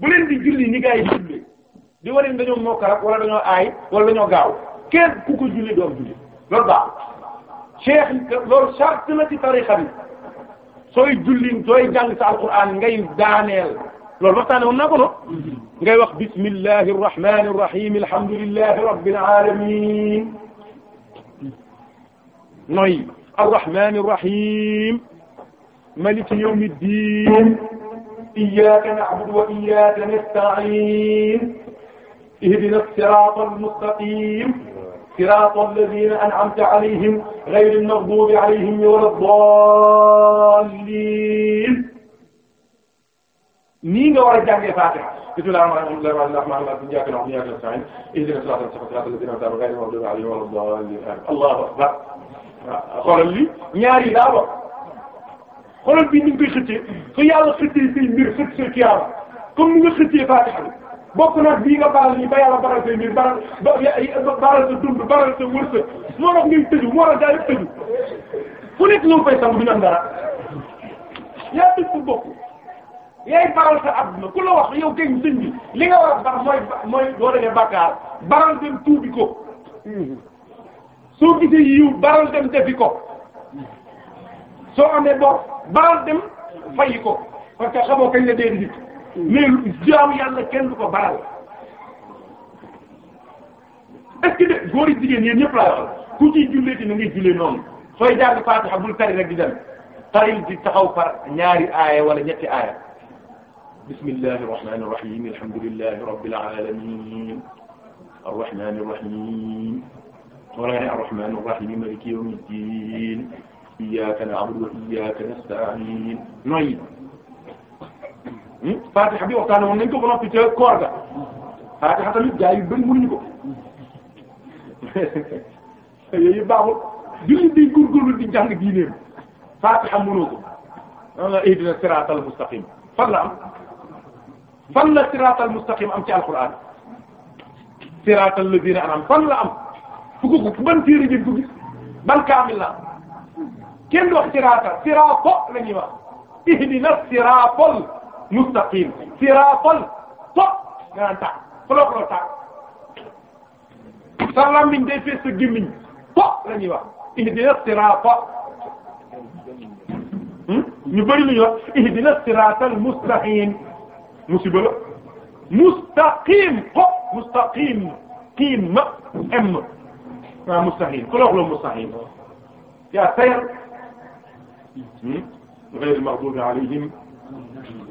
bu leen di julli ni gaa yi julli di warin dañoo mokkarak wala dañoo aay wala dañoo gaaw kenn ku ko julli doom julli loolu baax cheikh loolu charte la ci bi sooy julli sooy jàng sa alquran ngay daaneel loolu waxtaane woon naa ko no ngay wax bismillahi arrahmani arrahim alhamdulillahi rabbil alamin noy arrahmani arrahim maliki yawmiddin iyyaka na'budu wa iyyaka nasta'in ihdina as-sirata al-mustaqim sirata alladhina an'amta alayhim ghayri al-maghdubi alayhim wala ad-dallin nii nga war a jàngee Fatiha bismillah rahmaan rahim iyyaka na'budu wa iyyaka nasta'in ihdina as-sirata alladhina an'amta alayhim ghayri al-maghdubi alayhim wala ad-dallin allahu akbar xoolal li ñaari daa bokk xolal bi ñu ngi koy xëccee su yàlla xëccee say mbir xëcc sa kiyaama comme ni nga xëccee Faatiha bi bokk naag bii nga baral ni ba yàlla baral say mbir baral ba baral sa dund baral sa wërsëg moo tax ngay tëju moo tax gaa yëpp tëju fu nekk ñoo fay sang duñu am dara yaa tëj sa bopp yaay baral sa adduna ku la wax yow kay sëñ bi li nga war a bax mooy mooy boo defee bàkkaar baral dem tuubi ko hmm. soo gisee yiw baral dem defi ko soo amee bor baal dem fayi ko parce que xamoo kañ la dee nit mais jaamu yàlla kenn ko baal est-ce que de góor yi jigéen yéen ñëpp laa wax ku ciy jullee ti na ngay jullee noonu sooy jàng Faatiha bul tari rek di dem taril di taxaw par ñaari aaya wala ñetti aaya bismillahi irrahmani irrahim alhamdulillahi rabbil alamin arrahmani irrahim wala arrahmani irrahim maliki yawmiddin iyyaka na'budu wa iyyaka nasta'in noyyi fatiha bi waxtaane woon nañ ko ba noppi ca koor ga fatiha tamit gaa yu bëri mënuñu ko yooyu baaxul jullit di góorgóorlu di jàng diineem fatiha mënoo ko ihdina siratal mustaqim fan la am fan la siratal mustaqim am ci alquran siratal ladina anam fan la am fu ko ban téere ngeen ko gis ban kaamil la kenn du wax siraata siraato la ñuy wax ihdina siraatal mustaqim siraatal top nga naan tax xuloo xuloo tax sa lammiñ day fees sa gémmiñ top la ñuy wax ihdina siraata hmm? ñu bëri lu ñu wax ihdina siraatal mustaqim musiba la mustaqim ko mustaqim qiim m waaw mustaqim xuloo xuloo mustaqim yaa sayar ghayril hmm? maghdubi alayhim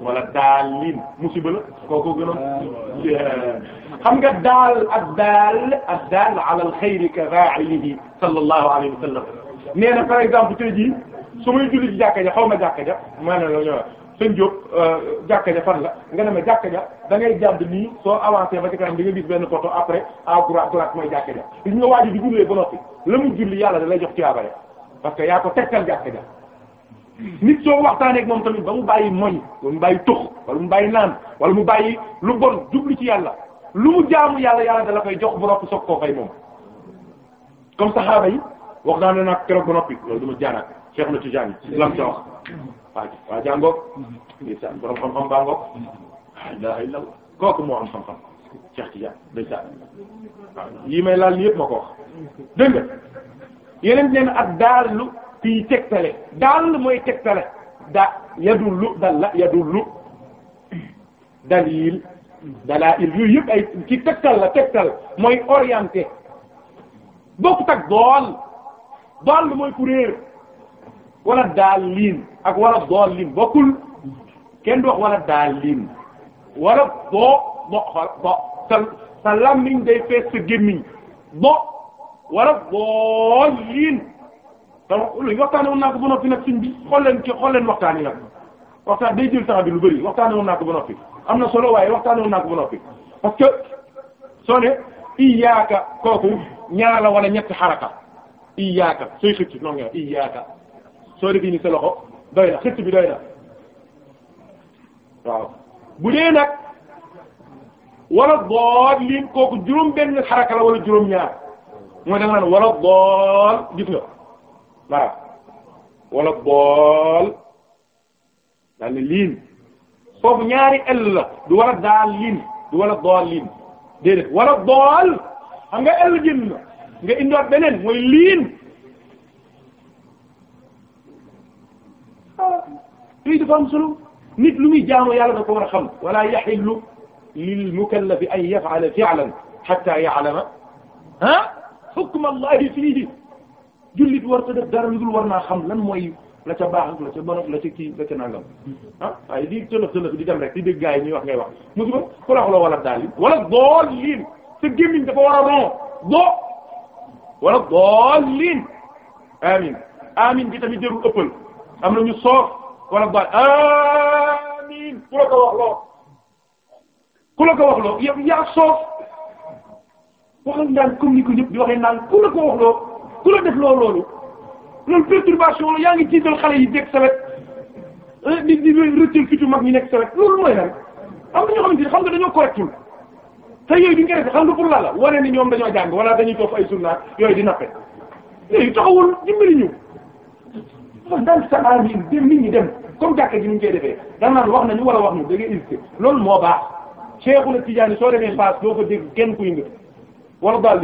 wala daalin musiba ko kooku gënoon xam nga daal ak daal ak daal ala al xayri ka raa'ihi sallallahu alayhi wa sallam nee na par exemple tey jii su may julli ci jàkka ja xaw ma jàkka ja maanaam la ñu sëñ Diop euh, jàkka ja fan la nga demee jàkka ja da ngay jàdd nii soo avancé ba ci kanam di nga gis benn photo après à droite droite mooy jàkka ja li ñu nga waaj a di jullee la mu julli yàlla da lay jox ci abare parce que yaa ko tegtal jàkka nit soo waxtaanee ak moom tamit ba mu bàyyi moñ wala mu bàyyi tux wala mu bàyyi naan wal mu bàyyi lu bon jublu ci yàlla lu mu jaamu yàlla yàlla da la koy jox bu noppi soog koo fay moom comme saxaaba yi wax naa ne nag keroog loolu duma jaaraat Cheikh na Tidiane lam ca la ilaha kooku moo am xam-xam Cheikh Tidiane ndeysaan waaw yii may laal yëpp ma ko wax yeneen neen ak daalu kiy tegtale daal mooy tegtale da yadullu dalla yadullu dalil dalail yooyu yëpp ay ci tegtal la tegtal mooy orienté bokkut ak dool dool mooy ku réer wala daal liin ak wala dool liin bokkul kenn du wax wala daal liin wala boo bo bo sa sa lammiñ day fees sa gémmiñ wala bool liin te waxtaanee woon naa ko ba noppi nag suñ bi xool leen ci xool leen waxtaan yi nag waxtaan day jël bi lu bëri waxtaanee woon naa ko ba am na solo waaye waxtaanee woon naa ko ba noppi parce que soo ne iyaaka kooku ñaar la wala ñetti xaraka iyaaka sooy xëcc noonu nga iyaaka soo defee sa loxo doy na bi doy waaw bu wala bool lii kooku juróom benn xaraka la wala juróom ñaar wala bool gis nga. marab wala bool daal ne liin foofu ñaari ell la du wala daal liin du wala bool liin déedéet wala bool xam nga ell génn na nga indiwaat beneen mooy liin ah, luy dafa am solo nit lu muy jaamu yàlla da ko war a xam wala yaxillu lil mukallafi an yaf'ala fi'lan hatta ya'lama ha ah? hukma allahi fiihi jullit war ta dara lu dul war naa lan mooy la ca baax ak la ca bon la ca kii la ca nangam ah waaye di tëlëf tëlëf di dem di dégg yi ñuy wax ngay wax musiba ku la xuloo wala daal wala dool liin sa gémmiñ dafa war a ron doo wala dool liin amin amin bi tamit jërul ëppal am na ñu soof wala baal amin ku la ko wax loo ku la ko wax loo yow yaa soof waxal naan comme ni ko ñëpp di waxee naan ku la ko wax loo ku la def loolu loolu loolu perturbation la yaa ngi jiital xale yi nekk sa wet eh, di di rëccal mag ñi ne sa wet loolu mooy lan am na ñoo xamante ni xam nga dañoo correctul te yooyu duñ koy def xam nga pour la la wane ni ñoom dañoo jàng wala dañuy toog ay sunna yooyu di nappe yooyu taxawul dimbali ñu wax daan sa aar yi dem nit ñi dem comme jàkka ji ñu koy defee daan naan wax nañu wala wax ñu da ngay hésité loolu moo baax Cheikhul Tidiane soo demee Fass doo ko dégg kenn kuy nga wala daal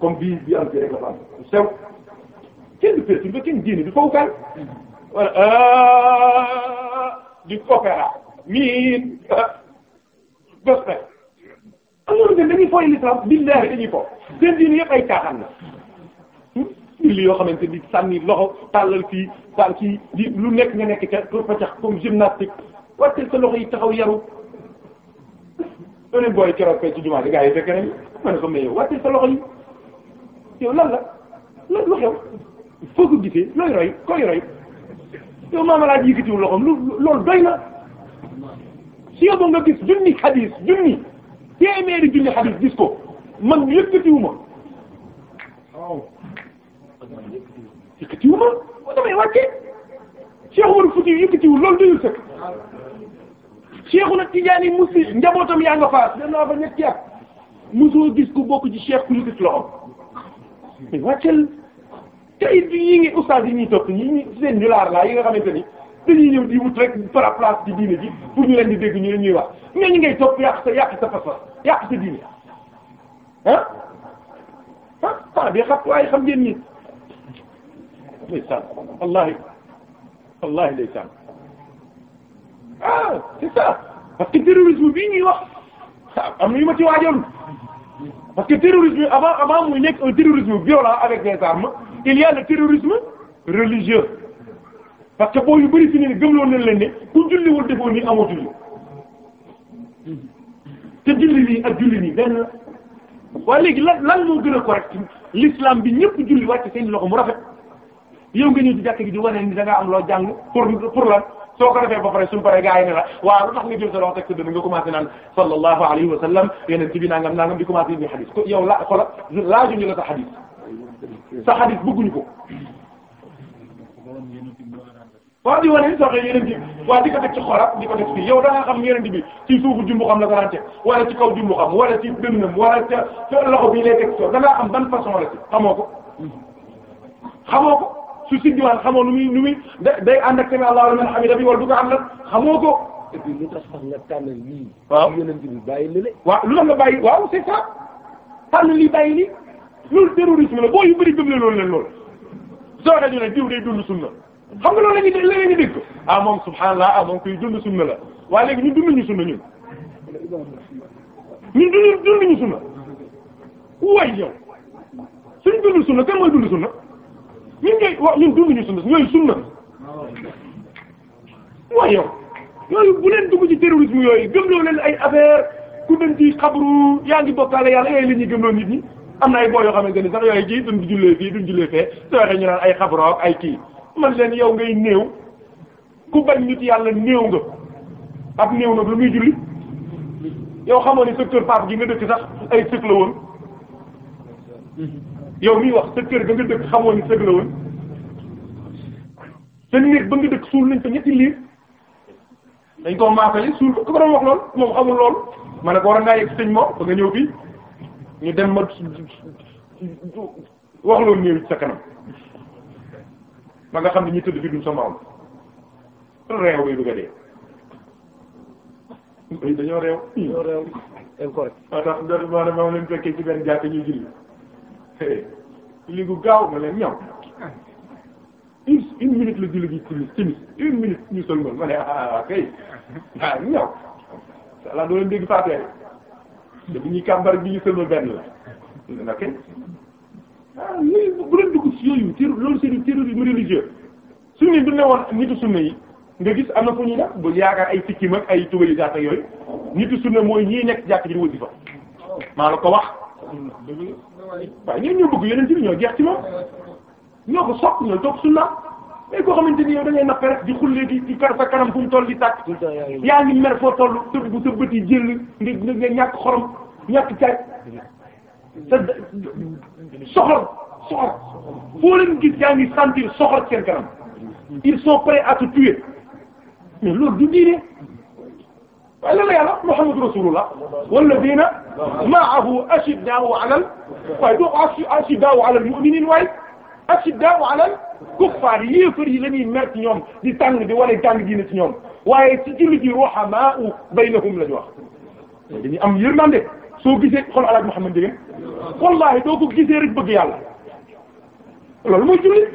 comme bii bi am ci rek la fa am sew kenn du perturbé ba kenn diine du fawkal wala ah, di opéra miin gospel alors que dañuy fooy l'islam billahi dañuy fo seen diine yëpp ay caaxaan la julli hmm? yoo xamante ni sànni loxo tàllal fii sànn kii di lu nekk nga nekk ca pour facax comme gymnastique wàccal sa loxo yi taxaw yaru doo leen booy keroog fee ci jumaa di gaa yi fekke nañ ma ne ko mais sa loxo yi yow lan la lan lu xew foo ko gisee looy roy koy roy yow maama laaj loxoom loolu doy na si yow ba nga gis junni xadis junni téeméeri junni xadis gis ko man yëkkatiwuma waaw yëkkatiwuma boo damay wàccee Cheikh Umar Fuuti yëkkatiwul loolu sëkk Cheikhuna Tijaani musi njabootam yaa nga faas danaa fa ñetti at mosoo gis ku loxoom mais wàcceel kayit yi ngi ustaas yi ñuy topp yi seen ñu laar laa yi nga xamante ni dañuy ñëw di wut rek par place di diine ji pour ñu leen di dégg ñu ñuy wax mais ñu ngay topp yàq sa yàq sa fas yàq sa diine ah ah temps xam waaye xam ngeen ni ndeysaan wallahi wallahi ndeysaan ah c'est ça parce que terrorisme bii ñuy wax am na yu ma ci waajoon parce que terrorisme avant avant muy nekk un terrorisme violent avec des armes il y a le terrorisme parce que boo yu bëri fi ne gëmloo nañ leen ne ku julliwul defoo ni amoo julli te julli nii ak julli nii benn la waaye léegi lan lan moo gën a correct l'islam bi ñëpp julli wàcc seen loxo mu rafet yow nga ñëw ci gi di wane ni da ngaa am loo jàng pour pour lan soo ko defee ba pare suñ paree gars yi ne la waaw lu tax nga jël sa loxo teg sa dënn nga commencé naan sallallahu alayhi wa di commencé indi ko yow la xola ñu la sa xadis sa xadis ko waaw di wane ni soxee yeneen bi waaw di ko teg ci xolab di ko teg fii yow da nga xam yeneen bi ci suufu jumbu xam la ko daan teg wala ci kaw jumbu xam wala ci dënnam wala ca loxo bi lay teg so da ngaa xam ban façon la ko su siddiwaan xamoo nu muy nu muy sami Allahu liman hamida bi wala du ko xamoo ko et puis lu tax sax nga tànnal lii waaw yonent bi bàyyi lële waaw lu tax nga bàyyi waaw c'est ça tànn lii bàyyi lii loolu terrorisme la boo yu bëri gëm la loolu leen loolu soo dañu ne diw day dund sunna xam nga loolu la ñuy dégg la ñuy dégg ah moom subhanallah ah moom kuy dund sunna la waaye léegi ñun dunduñu sunna ñun ñun dund dunduñu sunna way ñun ngay wax ñun dunduñu sunna ñooyu sunna waaye yow yooyu bu leen dugg ci terrorisme yooyu gëmloo leen ay affaire ku dem ci xabru yaa ngi bokkaale yàlla yooyu eh, la ñuy gëmloo nit ñi am na ay boo yoo xamante ni sax yooyu kii duñ jullee fii duñ jullee fee soo waxee naan ay xabru ay kii man leen yow ngay néew ku bañ nit yàlla néew nga ab néew nag lu muy julli yow xamoon ne secteur Pape gi nga dëkk sax ay sëf la yow miy wax sa kër ba nga dëkk xamoo ni sëg la woon sa néeg ba nga dëkk suul nañ fa ñetti liir dañ koo maakale suul ko ko doon wax lool moom xamul lool ma ne ko war ngaa yegg sëñ moom ba nga ñëw fii ñu dem ma wax loolu néew sa kanam ma nga xam ne ñu tëdd fi duñ sa maam réew bay bëgg a dee dañoo réew dañoo réew incorrect moo tax maanaam fekkee ci benn jàkk ñuy julli julli gu gaaw ma leen ñëw une une minute la julli gi timis timis une minute ñu sëlmal ma ne ah, ah, ah kay ah ñëw allah doo leen dégg fàttee te bu ñuy kàmbar bi ñu sëlmal benn la ok ah lii bu leen dugg yooyu terror loolu c'est du terrorisme religieux sunni bu ne woon nitu sunna nga gis am na fu ñuy def bu yaakaar ay tikkim ay tuba yu gàtt yooyu nitu sunna mooy ñii nekk jàkk ji di wasifa maa la ko wax waaw ñun ñoo bëgg yeneen ñoo jeex moom ñoo ko sopp ñoo topp sunna mais koo xamante ni yow da ngay nappe rek di xullee di di kar sa kanam fu mu toll di tàkk yaa ngi mer foo toll tëb bu sa bët yi jël nga nga ñàkk xorom ñàkk caay sa soxor soxor foo leen gis yaa ngi sentir soxor seen kanam ils sont prêts à te mais loolu du diine waaye loolu yàlla Muhammadu Rasulullah walladina maahu ashiddaau alal waaye doo ko ashiddaau alal mu'minin waaye ashiddaau alal kuffaar yéefar yi la ñuy mer ci ñoom di tàng di wane tàng diine ci ñoom waaye ci jullit yi ruhamaa'u baynahum la ñu wax. dañuy am yërmande soo gisee xol alaaj Muhammad Ndieguene wallaahi doo ko gisee rek bëgg yàlla loolu mooy jullit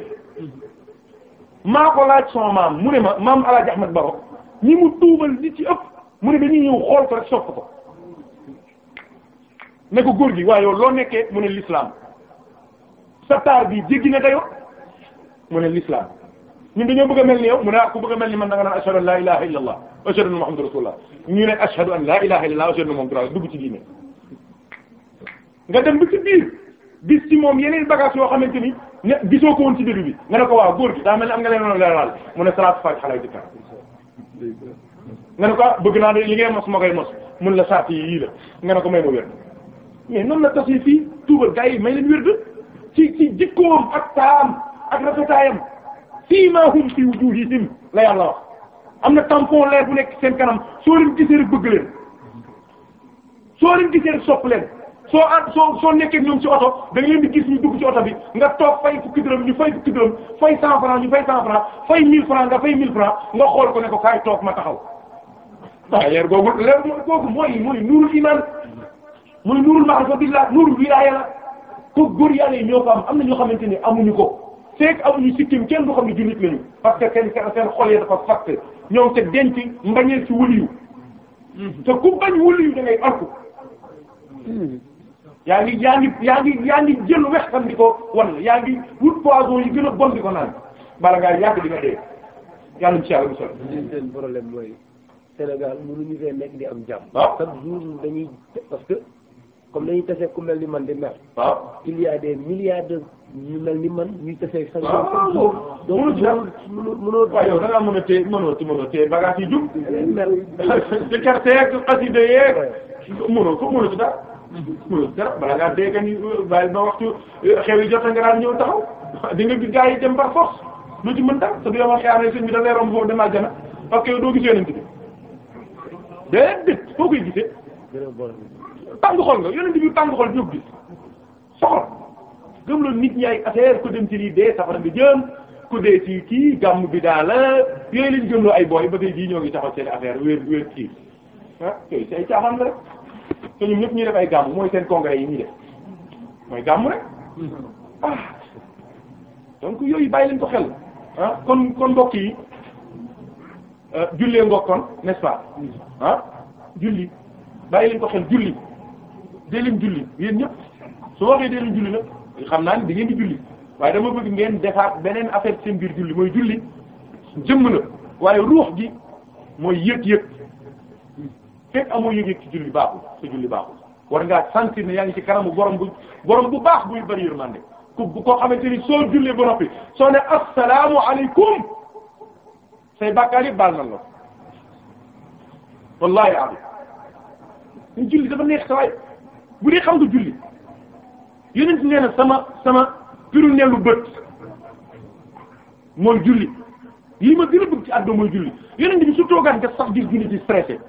maa ko laaj sama maam mu ne ma maam alaaj Ahmad Baro ñi mu tuubal ñi ci ëpp. mu ne dañuy ñëw xool ko rek sopp ko ne ko gi waaye yow loo nekkee mu ne l'islam sa taar bi jéggi na dayo mu ne l'islam ñun dañoo bëgg a ni yow mu ne ah ku bëgg mel ni man da nga naan ashhadu an la ilaha illa allah ashhadu anna muhammadur rasulullah ñu ne ashhadu an la ilaha illa allah ashhadu anna muhammadur rasulullah dugg dem ba ci biir gis ci moom yeneen bagage yoo xamante ni ne gisoo ko woon ci début bi ga ne ko waaw góor gi daa mel ni am nga leen noonu leeral mu ne salaatu fatiha lay dëkk nga ne ko ah, bëgg naa li ngay mos ma koy mos mun la sart yii la nga ne ko may ma wér mais noonu la tas yi fii tuubal gars yi may leen wér ci ci jikkoom ak taam ak rafetaayam fii maa hum fi wujuhihim la yàlla wax am na tampon leer bu nekk seen kanam soo leen gisee bëgg leen soo leen gisee rek sopp leen soo a soo soo nekkee ñoom ci oto da nga leen di gis ñu dugg ci oto bi nga toog fay fukki dërëm ñu fay fukki dërëm fay cent francs ñu fay cent francs fay nga xool ko ne ko kaay ma taxaw waaw leer googu leer googu mooy mooy nuurul iman mooy nuurul ma'rifa billah ñoo xamante ni amuñu ko fekk amuñu sikkim kenn du xam ne jullit parce que seen seen xol yi dafa yaa ngi yaa ngi yaa ngi yaa ngi jël wex xam di ko wan yaa ngi wut poison yi gën a bon di ko naan bala ngaa yàgg di dee yàlla ci yàlla musal problème mooy Sénégal mënuñu fee nekk di am jàmm. waaw ah. chaque dañuy parce que comme dañuy tase ku mel ni man di mer. waaw ah. il y a des milliards ah, a téye yi jub. a euh, force lu ci mën dara te du yow ma xëy na bi da lay foofu dem àjjana parce que doo gis yeneen bi. déedéet foo koy gisee. tàng xol nga yonent bi tàng xol jóg gis soxor nit ñi ay affaire ku dem ci lii dee safara bi jëm ku dee ci kii gàmm bi daal yooyu lañ gëm ay booy ba tey jii ñoo ngi taxaw seen affaire wér wér kii ah yooyu say caaxaan la rek te ñun ñëpp ñuy def ay gàmm mooy seen congrès yi ñuy mooy gàmm rek ah donc yooyu bàyyi leen ko xel ah kon kon mbokk yi Euh, jullee ngokkoon n'est-ce pas ah julli bàyyi leen ko xel julli dee leen julli yéen ñëpp su waxee dee leen julli nag xam naa ni da ngeen di julli waaye dama bëgg ngeen defaat beneen affaire seen biir julli mooy julli jëmm la waaye ruux gi mooy yëg-yëg fekk amoo yëg-yëg ci julli baaxul sa julli baaxul war ngaa sentir ne yaa ngi ci kanamu borom bu borom bu baax buy bari yërmande ku koo xamante ni soo jullee ba noppi soo ne assalaamu alaykum say bàkkaar yëpp baal nan la wallahi am ñu julli dafa neex sa waay bu dee xam nga julli yonent nee na sama sama piru ne lu bët mooy julli lii ma gën a bëgg ci àdduna mooy julli yonent bi su toogaan nga sax gis julli ci stressé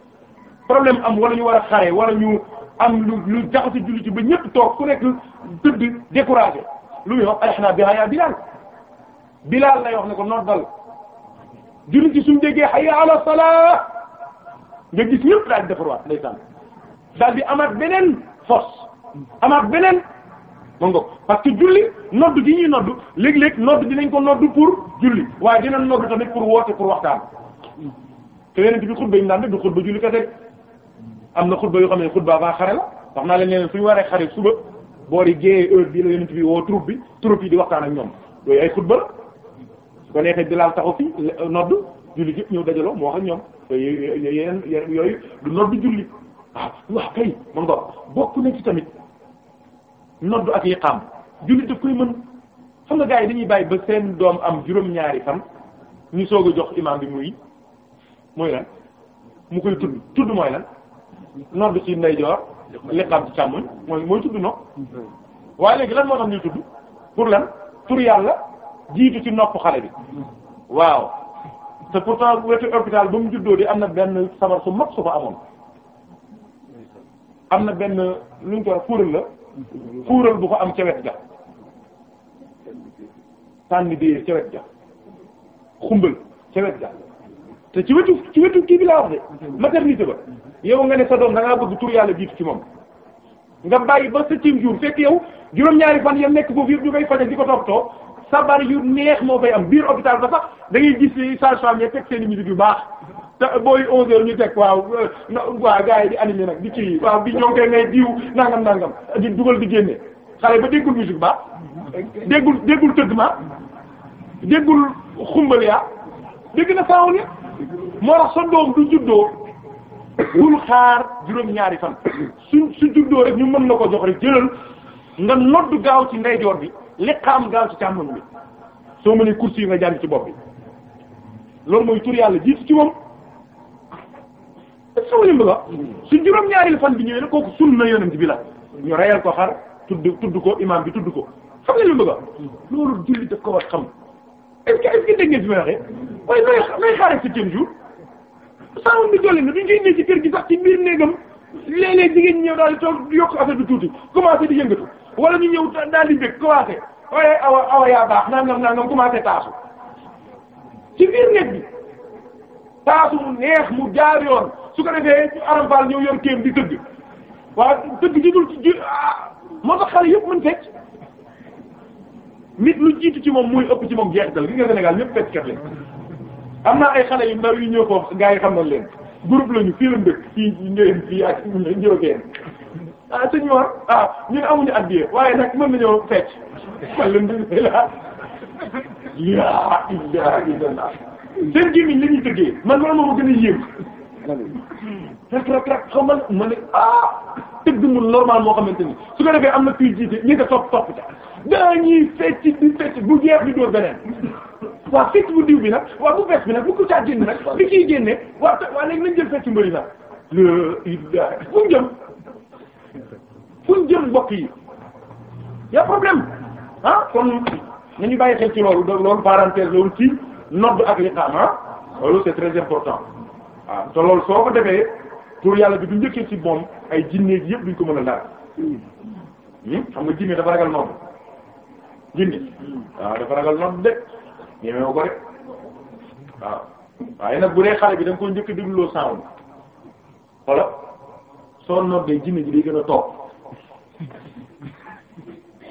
problème am wala ñu war a xare wala ñu am lu lu jaxase julli ci ba ñëpp toog ku nekk tëdd découragé lu muy wax ay xanaa bi hayaa bilaal bilaal lay wax ne ko noddal jullit ci suñu déggee hayya ala salaa nga gis ñëpp daal di defarwaat ndeysaan daal di amaat beneen force amaat beneen ma ngoog que julli noddu gi ñuy noddu léeg-léeg noddu dinañ ko noddu pour julli waaye dina noddu tamit pour woote pour waxtaan te yeneen bi xutba yi ñu daan def du xutba julli kese am na xutba yoo xam ne xutba avant xare la wax naa leen ne leen suñu waree xare suba boori géeyee heure bii la yeneen bi woo troupe bi troupe yi di waxtaan ak ñoom yooyu ay xutba ba neexee Bilaal taxaw fi nodd julli yëpp ñëw dajaloo moo wax ak ñoom yeneen yooyu du nodd julli waaw ah, waaw kay mën nga bokk na ci tamit nodd ak iqaam julli daf koy mën xam nga gars doom am juróom-ñaari fan ñu soog jox imaam bi muy mooy lan mu koy tudd tudd mooy lan nodd ci ndeyjoor liqaam ci càmmoñ mooy mooy tudd no mm-hmm. waaye léegi lan moo tax ñuy tudd pour lan tur yàlla jiitu ci nopp xale bi waaw te pourtant wetu hôpital ba mu juddoo di am na benn sabar su mag su fa amoon am na benn luñ ñu ko fuural la fuural bu ko am ca wet ga sànni biir ca wet ga xumbal ca ga te ci wetu ci wetu kii bi laa wax de maternité ba yow nga ne sa doom da ngaa bëgg tur yàlla jiitu ci moom nga bàyyi ba septième jour fekk yow juróom-ñaari fan ya nekk ko yëpp ñu koy faje di ko toppatoo sabar yu neex moo fay am biir hôpital ba sax da ngay gis sage-femme yi teg seen i yu baax te booy 11h ñu teg waaw na waa gaa yi di animé nag di ci waaw bi ñoo koy ngay diw nangam nangam di dugal di génne xale ba déggul musique baax déggul déggul tëddma déggul xumbal yaa dégg na saawu nit moo tax sa doom du juddoo bul xaar juróom-ñaari fan su su juddoo rek ñu mën na ko jox rek jëlal nga nodd gaaw ci ndeyjoor bi. liqaam gaaw ci càmmoñ bi soo mënee kursi yi nga jàng ci bopp bi loolu mooy tur yàlla jiitu ci moom est-ce que ma la bi ñëwee nag kooku sunna yonent bi la ñu reyal ko xar tudd tudd ko imam ko xam nga li ma a bi jolli na duñ koy indee ñëw daal di toog yokk affaire bi tuuti commencé di yëngatu wala ñu ñëw daal di bëgg commencé waaye awa awa yaa baax nangam nangam commencé taasu ci biir néeg taasu mu neex mu jaar yoon su ko defee aram faal ñëw yor kéem di tëgg waaw tëgg ji dul ji ah, moo tax xale yëpp mën fecc lu jiitu ci moom muy ëpp ci moom jeexital gi nga Sénégal ñëpp fecc kat lañ am na ay xale yu ndaw yu ñëw foofu gaa yi xam na leen groupe lañu fii lañ dëkk fii njëriñ fii ak njëriñ ah sëñ Mor ah ñun amuñu addiya waaye nag mën nañoo fecc alhamdulillah yaa ilaaha illallah seen gémmiñ la ñuy tëggee man loolu moo ma gën a yéem rek rek rek xaw ma ma ne ah tëgg mu normal moo xamante ni su ko defee am na kuy jiite ñi nga topp ca daa ñuy fecc di fecc bu jeex di door beneen waaw fecc bu diw bi na waaw bu bees bi na bu ko caa génne nag bi ciy génne waaw waaw léegi nañ jël fecc mbëri nag l ilah fu mu jëm fuñ jëm mbokk yi y a problème ah kon nañu bàyyi xel ci loolu loolu parenthèse loolu ci nodd ak liqaam ah loolu c'est très important waaw ah, te loolu soo ko defee tur yàlla bi du njëkkee ci moom ay jinne yëpp duñ ko mën a dara hmm? xam nga jinne dafa ragal nodd jinne waaw ah, dafa ragal nodd de ñemee ko de waaw ah. waaye nag bu dee xale bi da nga koy njëkk dégloo sound soo noddee jinne ji day gën a toog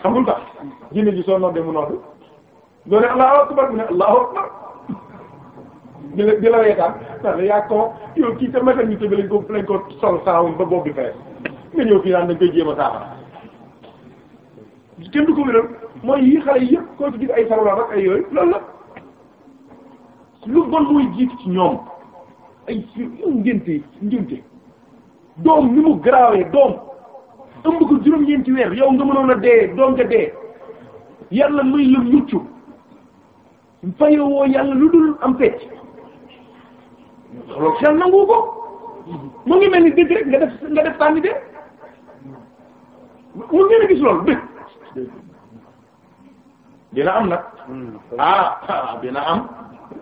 xamul tax jinne ji soo noddee mu nodd doo ne allahu akbar mu ne allahu akbar di la di la reetaan ndax yaa ko yow kii te maternité bi lañ ko lañ ko sol ba bopp bi fees nga ñëw fii daan dañ koy jéem a kenn du ko wéral mooy yi xale yëpp koo ci ay sarwaa ak ay yooyu loolu la lu bon mooy jiit ci ñoom ay ngénte ngénte doom ni mu garaawee doom ëmb ko juróom-ñeenti weer yow nga mënoon a dee doom ja dee yàlla muy la mucc fayewoo yàlla lu dul am pecc loolu xel nangu ko mu ngi mel ni dëgg rek nga def nga def tànn de mu ngeen gis loolu dina am na hmm. ah dina am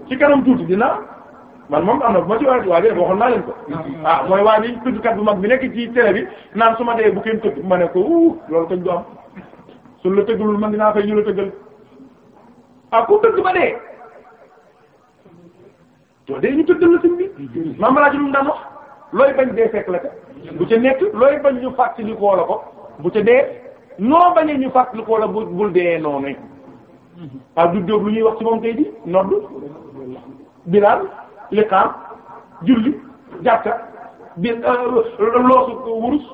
ci kanam tuuti dina man moom am na bu ma ci waxee waa bi rek waxoon naa leen ko. ah, ah mooy waa bi tuddkat bu mag bi nekk ci télé bi naan su ma dee bu kenn tëgg ma ne ko wuu loolu tëgg du am suñ la tëggalul man dinaa fay ñu la tëggal ah ku tëgg ba dee. doo dee ñu tëggal la sëñ bi. Mm-hmm. maam laaj lu mu daan wax looy bañ dee fekk la ko mm-hmm. bu ca nekk looy bañ ñu fàttali koo la ko bu ca dee noo bañee ñu fàttali koo la bu bul dee noonu. Mm-hmm. ah du Diop lu ñuy wax ci moom tey jii noddu Bilal. liqaam julli jàkka bi euh, loosu wurus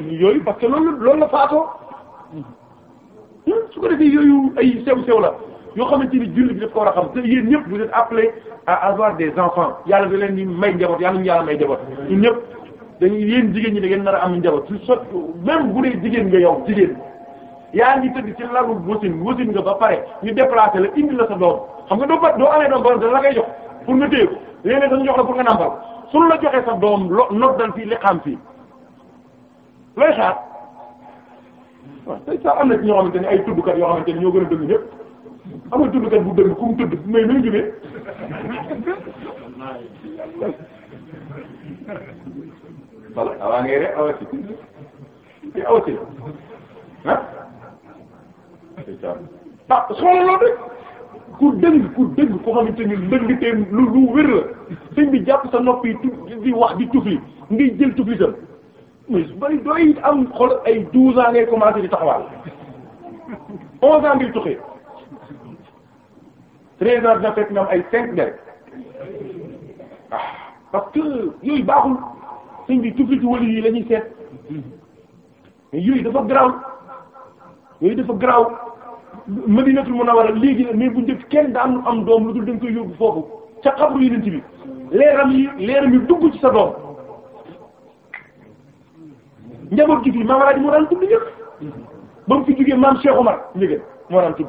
yooyu parce que loolu loolu la faatoo hmm, su ko defee yooyu ay sew sew la yoo xamante ni julli bi daf ko war a xam te yéen ñëpp vous êtes appelés à avoir des enfants yàlla da leen di may njaboot yàlla ñu yàlla may njaboot ñun jigéen ñi da a am njaboot su sot même bu dee jigéen nga yow jigéen yaa ngi tëdd ci lalu wasin wasin nga ba pare ñu déplacé la indi la sa doom xam nga doo ba doo amee doom ba da la koy jox pour nga téye ko léeg-léeg dañu jox la pour nga nàmpal suñu la joxee sa doom lo noddal fii liqaam fii looy xaar waaw tey sax am na ñoo xamante ne ay tuddkat yoo xamante ne ñoo gën a dëng ñëpp am na tuddkat bu dëng ku mu tudd mais nu mu jubee voilà avant ngay rek awasi ci awasi ah. tey ku dëng ku dëng ko xamante ni dëng te lu lu wér la sëñ bi jàpp sa nopp yi di wax di tufli ngay jël tufli tam mais bari dooy am xol ay douze ans ngay commencé di taxawaal onze ans ngay tuxee treize ans fekk nga ay cinq dere ah parce que yooyu baaxul sëñ bi tufli ci wëli yi la ñuy yooyu dafa garaaw yooyu dafa garaaw madinatul munawwara léegi la mais bu njëkk kenn daan am doom lu dul dañ koy yóbbu foofu ca xabru yonent bi leeram yi leeram yi dugg ci sa doom njaboot gi fii maam Alaaji moo daan tudd ñëpp ba mu fi jugee maam Cheikh Omar Ndiéguène moo daan tudd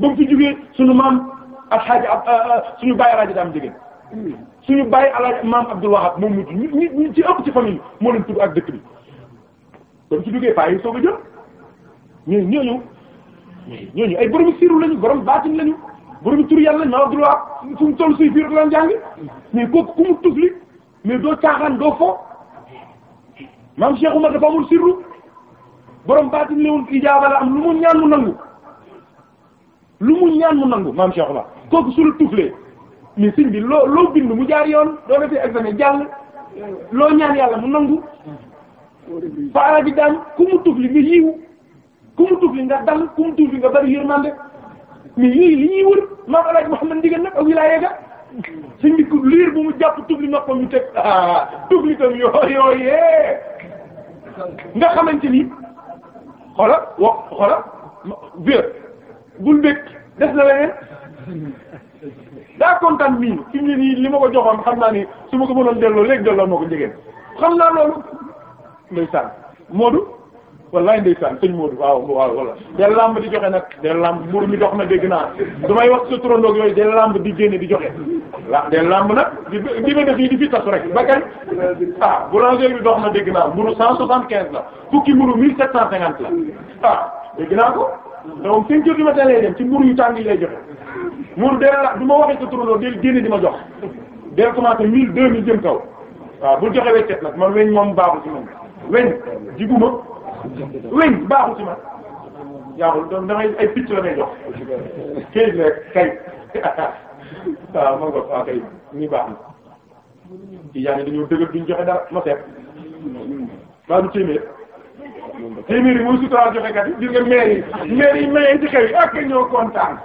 ba mu fi jugee suñu maam Alaaji euh, euh, suñu baay Alaaji Daam Ndiéguène suñu baay Alaaji maam Abdul Wahab moom mujj ñu ñu ci ëpp ci famille moo leen tudd ak dëkk bi ba mu ci jugee paa yi soog a jël ñooñu ay borom siiru lañu borom baatin lañu borom tur yàlla ma Abdul Wahab fu mu toll suy fiir lan jàng mais kooku ku mu tufli mais doo caaxaan doo fo maam Cheikh Oumar dafa amul sirru borom baatin la woon am lu mu ñaan mu nangu lu mu ñaan mu nangu maam Cheikh Oumar kooku su la tuflee mais sëñ bi loo loo mu jaar yoon doo defee examen jàll loo ñaan yàlla mu nangu faara bi daan ku mu tufli nga yiiwu ku mu tuuf li nga dal ku mu tuuf li nga bari yërmande mais yii li ñuy wër maam alaaj Muhammad ndigal nag ak wilaaya ga suñ bi liir bu mu jàpp tubli noppam ñu teg ah tubli tam yoo yooyee nga xamante ni xola wo xola vieux bul des na leneen daa kontaan mii fi mu ne nii li ma ko joxoon xam naa ni su ma ko mënoon delloo léegi delloo moo ko jegeen xam naa loolu ndeysaan wallaay ndeysaan sëñ Modou waaw waaw del lamb di joxe nag del lamb mburu mi dox na dégg naa du may wax sa turandoog yooyu del lamb di génne di joxe waaw del lamb nag di di ba def yi di fi tas rek ba kañ ah boulangerie bi dox na dégg naa mburu cent soixante quinze la fukki mburu mille sept cent cinquante la ah dégg naa ko te moom cinq heures du matin lay dem ci mburu yu tàng yi lay joxe mburu del la du ma waxee sa turandoog del génne di ma jox del commencé mille deux mille jëm kaw waaw bul joxe weccet nag man weñ moom baaxul ci moom weñ jiguma weñ baaxul ci man yaaxul doom damay ay picc la may jox kay rek ah, ah, kay waaw man ko waaw kay ñu baax na ci yaani dañoo dëgër duñ joxe dara ma seet baa du téeméer téeméer yi mooy suturaal joxekat yi gis nga maire yi maire yi maye ci xew yi ak ah, ñoo kontaan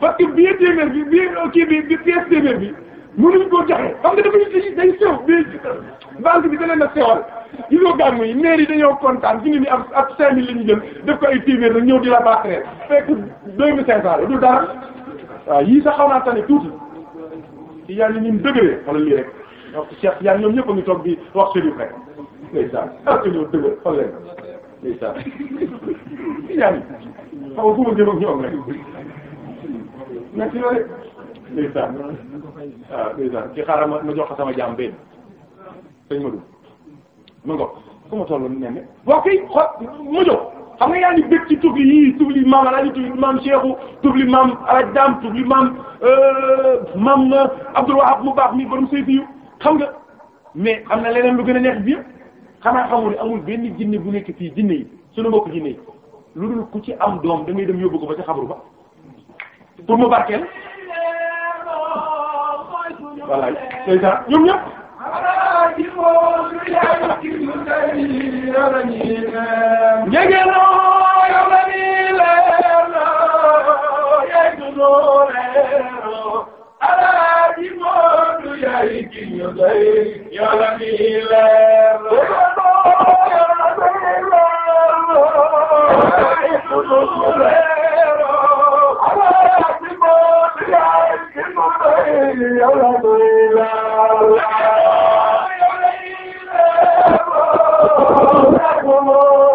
parce que bii téeméer bi bii kii bi bi pièce téeméer bi mënuñ koo joxe xam nga dafa day sew bii banque bi dana na sewal yi ko gàmmu yi maire yi dañoo kontaan fi ñu ni ab ab cinq mille la ñu ay téeméer rek ñëw di la baax reer fekk deux mille cinq cent la du dara waaw yii sax xaw naa tane tuuti ci yàlla ñun dëgëree wala lii rek donc Cheikh yaan ñoom ñëpp a ngi toog di wax Chérif rek ndeysaan ak ah, ñoo dëgër xol leen ma jëm ak ñoom rek merci loolu ndeysaan waaw ah, ndeysaan ci ma ma sëñ Madou ma ngoog fu ma tolloon nee na waaw xam nga yaa bëgg ci tubli yii tubli maam alaaji tubli maam Cheikhou tubli maam alaaji Daam tubli maam euh, maam euh, Abdoul Wahab mu baax mi borom saytu xam nga mais am na leneen lu gën a neex bi xanaa xamoo ne amul benn jinne bu nekk fii jinne yi suñu mbokk jinne yi lu dul ku ci am doom da dem yóbbu ko ba ca xabru ba pour mu barkeel voilà c'est ça ñoom ñëpp Alhamdulillah. Allah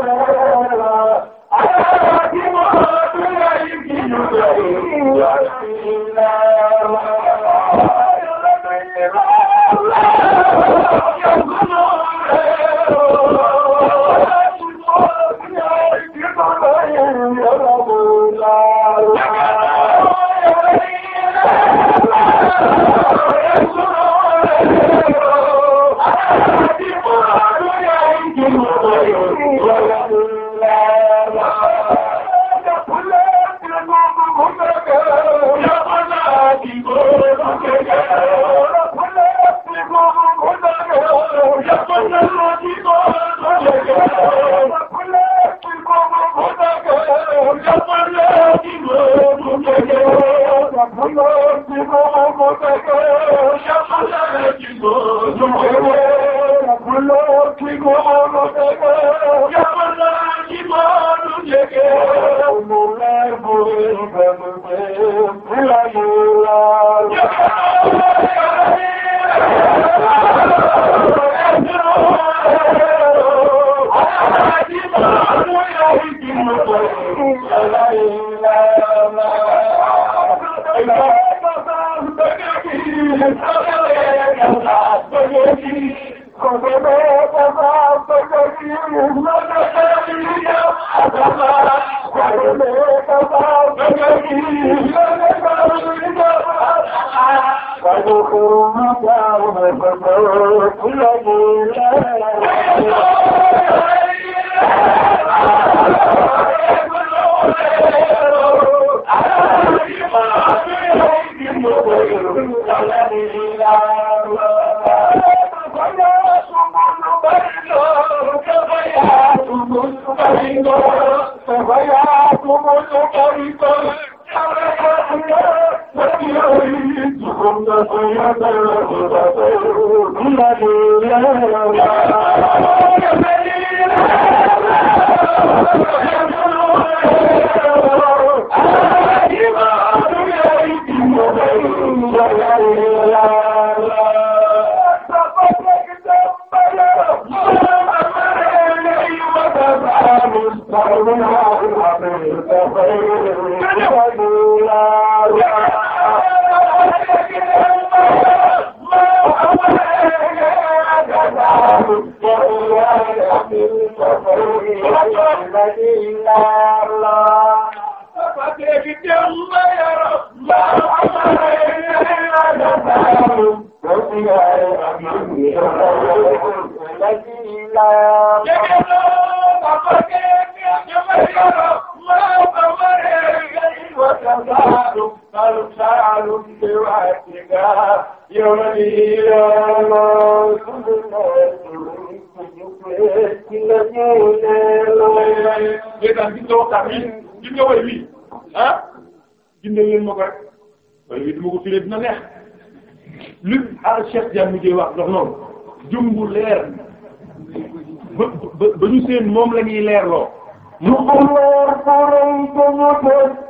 firé dina neex lu al ah Cheikh Dia mujjee wax dox noonu jumbu leer ba ba ba ñu seen moom la ñuy leerloo. mu am leer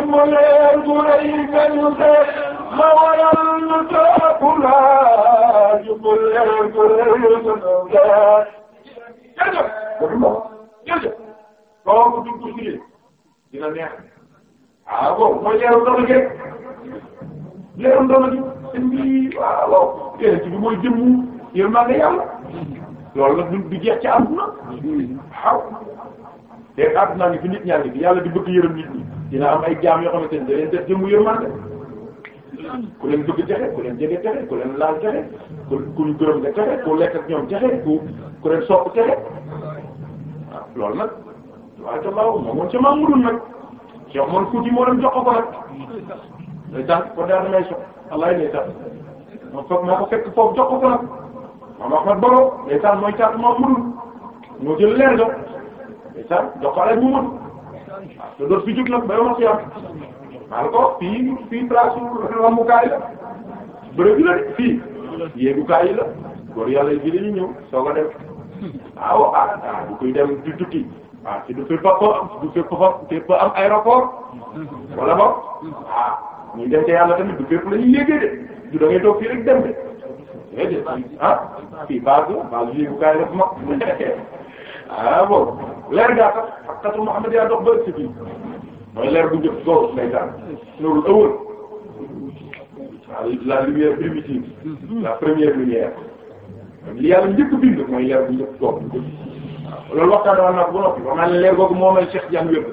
مولاي غريب الوزير ما ولا المتابنا مولاي غريب الوزير جدو جدو kooku du du si dina neex ah bon mooy leeru doole gi leeru doole gi seen bi waaw waaw yéen ci bi mooy jëmmu yéen maa loolu na bi du jeex ci àdduna waaw te àdduna ngi fi nit ñaa ngi fi yàlla di bëgg yërëm nit ñi dina am ay jaam yoo xamante ne da leen def jëmu yërmande ku leen bëgg texe ku leen jege texe ku leen laal texe ku ku ñu gërëm nga texe ku lekk ak ñoom texe ku ku leen sopp texe waaw loolu nag waaye ca baaw moo moon ca maa mudul nag Cheikh moom Fouti moo leen jox ko nag day tànk ko daal may sox maam Ahmad Baro ndeysaan mooy caatu maam Mourou moo jël leer ga ndeysaan jox ko mu mën waaw te doot fi jug ba yow ma si yàq maa ngi ko fii fii place su lambukaay la bërëb yi la de fii yéegukaay yi la góor yàlla yi dañuy ñëw soog a ah, oh, ah, ah, koy dem di tukki waaw si du fépp a du fépp a wala boog ah ñu dem ca yàlla du fépp la ñuy yéegee du da ngay toog dem de. déedéet ah fii base la base bi yëngukaay la ma ah bon leer gaa tax ak katu Mouhamed yaa dox ba ci biir mooy leer bu njëkk góor lay daal loolu ëwër la lumière primitive la première lumière li yàlla njëkk bind mooy leer bu njëkk góor waaw loolu waxtaan woon naa bu noppi wax naa ne leer googu moo may Cheikh Tidiane wér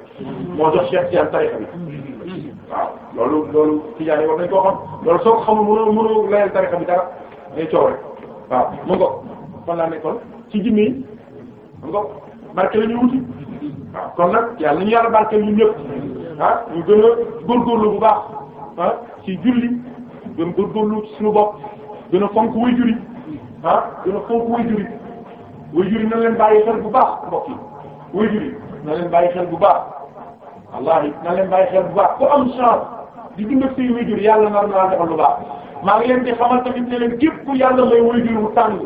moo jox Cheikh Tidiane tarixa bi waaw loolu loolu Tidiane yi war nañ koo xam loolu soo ko xamul mënoo mënoo layal tarixa bi dara day coow rek waaw mu ngo fan ci jinne yi mu ngo barke la wuti waaw kon nag yàlla ñu yàlla barke ñun ñëpp ah ñu gën a góorgóorlu bu baax ah ci julli gën góorgóorlu ci suñu bopp gën a fonk way juri ah gën a fonk way juri way juri na leen bàyyi xel bu baax mbokk yi way juri na leen bàyyi xel bu baax wallahi na len bàyyi xel bu baax ku di dund ak say wayjur yàlla nar naa defal lu baax maa ngi leen di xamal tamit ne leen képp ku yàlla may wayjur wu tàng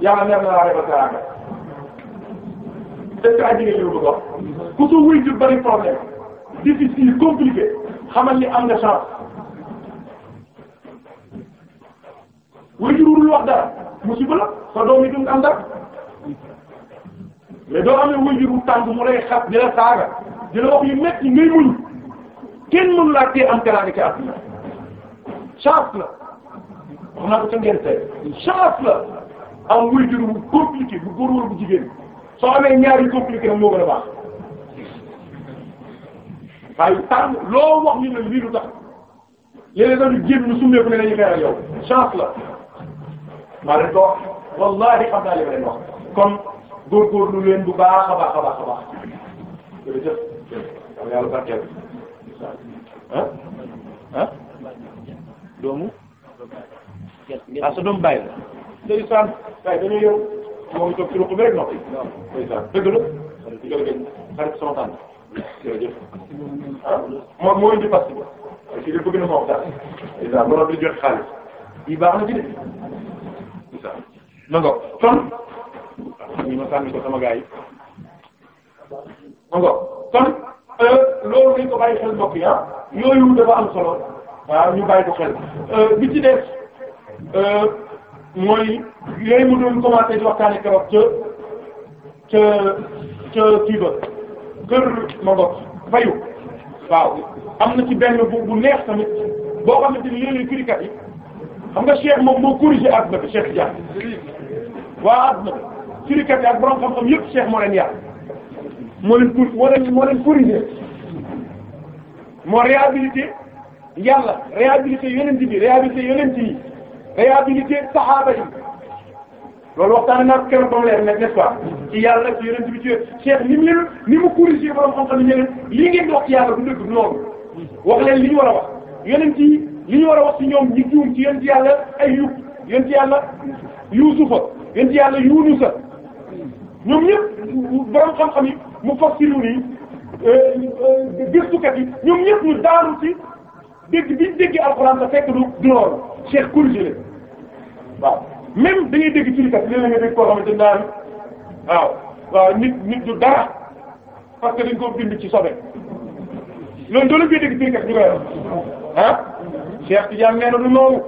yàlla nar na laa defal teraanga est-ce que aji nga ko wax ku sa wayjur bari problème difficile compliqué xamal ni am nga chance wayjur wu dul wax dara musiba la sa doom yi duñ am dara mais doo amee wayjur wu tàng mu lay xas di la saaga di la wax yu metti ngay muñ kenn mënu laa téye am teraanga ci àdduna chance la wax naa ko ca ngeen tey chance la am wuy jur bu compliqué bu góor wala bu jigéen soo amee ñaari compliqué nag moo gën a baax waaye tànn loo wax ñu ne lii lu tax léeg-léeg dañu jéem ñu summeeku ne dañuy xeex yow chance la maa leen ko wax wallaahi xam naa li ma leen wax kon góorgóorlu leen bu baax a baax a baax a baax jërëjëf yàlla barkeel ah ah doomu ah sa doomu bàyyi la day saan waaye dañoo yow moom toog ci ruq bi rek noppi day saan dëgg la jërëjëf xarit sama tànn jërëjëf ah, moom moo indi fas yi kii de bëgg na moom daal day saan mënoon di jot xaalis yi baax na ci de day saan ma ngoog kon ah, ñu ma sànni ko sama gars yi ma ngoog kon Euh, lool ñu ko bàyyi xel mbokk yi ah. yooyu dafa am solo waaw ñu bàyyi ko xel euh, bi ci des euh, mooy yooyu mu doon commencé di waxtaane keroog ca ca ca kii ba kër ma bokk fayu waaw am na ci benn bu bu neex tamit boo xamante ni léeg-léeg firikat yi xam nga cheikh moom moo corrigé àdduna bi cheikh Dia waa àdduna bi firikat yi ak borom xam-xam yëpp cheikh moo leen yar moo leen pour moo leen yàlla réhabilité yonent bi réhabilité yonent yi réhabilité saxaaba yi loolu waxtaan naa ko keroog ba mu leer nag n'est-ce pas ci yàlla ci yonent bi ci Cheikh ni mu leen ni mu corrigé borom xam-xam ne leen lii ngeen di wax ci yàlla du dëgg wax leen li ñu war a wax yonent yi li ñu war a wax ci ñoom ñi juum ci yonent yàlla Ayyub yonent yàlla Yuusufa yonent yàlla Yunusa ñoom ñëpp borom xam-xam yi mu foog ci lu nii euh, euh, gëstukat yi ñoom ñëpp ñu daanu ci dégg biñ déggee alxuraan te fekk du du loolu Cheikh corrigé waaw même da ngay dégg ci kat léeg-léeg nga dégg koo xamante ne naan waaw waaw nit nit du dara parce que dañ koo bind ci sobe loolu doo la koy dégg ci kat ñu koy wax ah Cheikh Tidiane nee na du noonu.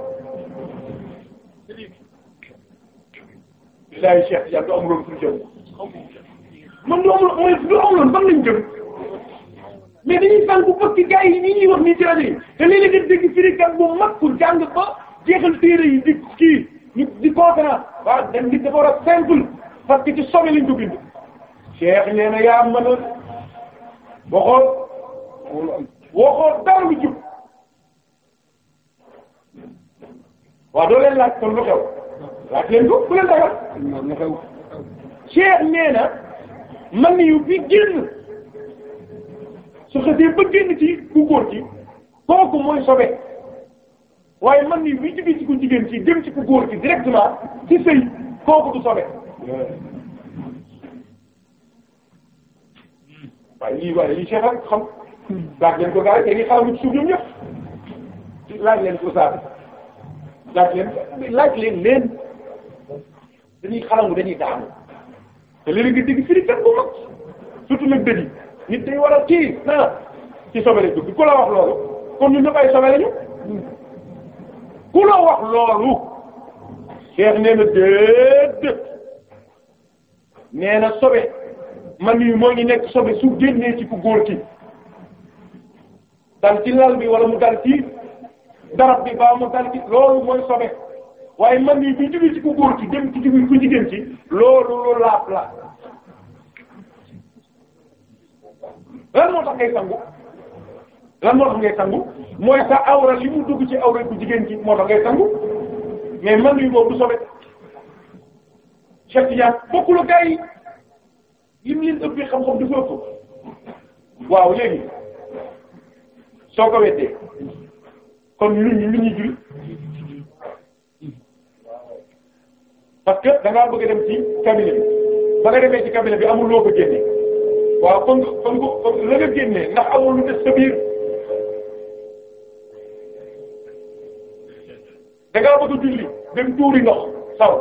bilaay Cheikh Tidiane du am loolu pour jëm. man du amul mooy du amul woon fan lañ jëm mais dañuy fànn bu bëgg gars yi ñi ñuy wax nii ci rajo yi te léeg-léeg nga dégg firikat bu mag pour jàng ba jeexal téere yi di kii di di conférence waaw dañ di dafa war a simple parce que ci sobe lañ ko bind. Cheikh nee na yaa mën a waxoo waxoo dara lu jub waaw doo leen laaj kon lu xew laaj leen ko bu leen dara. Cheikh nee na. man yu bi génn su xasee ba génn ci ku góor ci kooku mooy sobe waaye man yu bi jógee ci ku jigéen ci dem ci ku góor ci directement ci sëy kooku du sobe waaye lii waaye lii Cheikh rek xam laaj leen ko gars yi te ci suuf ñoom ñëpp laaj leen ko saa laaj leen laaj leen leen dañuy xaaral dañuy te léegi nga dégg firi kat bu mag surtout nit day war a kii naa ci sobe lañ dugg ku la wax loolu kon ñun ñëpp ay sobe lañu ku la wax loolu Cheikh nee na déedéet nee na sobe man yi moo ngi nekk sobe su génnee ci ku góor dal ci lal bi wala mu dal ci darab bi baa mu dal ci loolu mooy sobe waaye man yi bi jógee ci ku góor ci dem ci jiw jigéen ci loolu lu laab la lan moo tax ngay sangu lan moo tax ngay sangu mooy sa awra li mu dugg ci awra ku jigéen ci moo tax ngay sangu mais man yi boobu du sobe Cheikh Tidiane bokkul ak gars yi lim leen ëppee xam-xam dafa ëpp waaw léegi soo ko weddee kon lu ñu parce que da ngaa bëgg dem ci cabinet bi amul loo ko génnee waaw kon kon kon la nga génnee ndax amul lu des sa biir da ngaa a julli dem tuuri ndox saw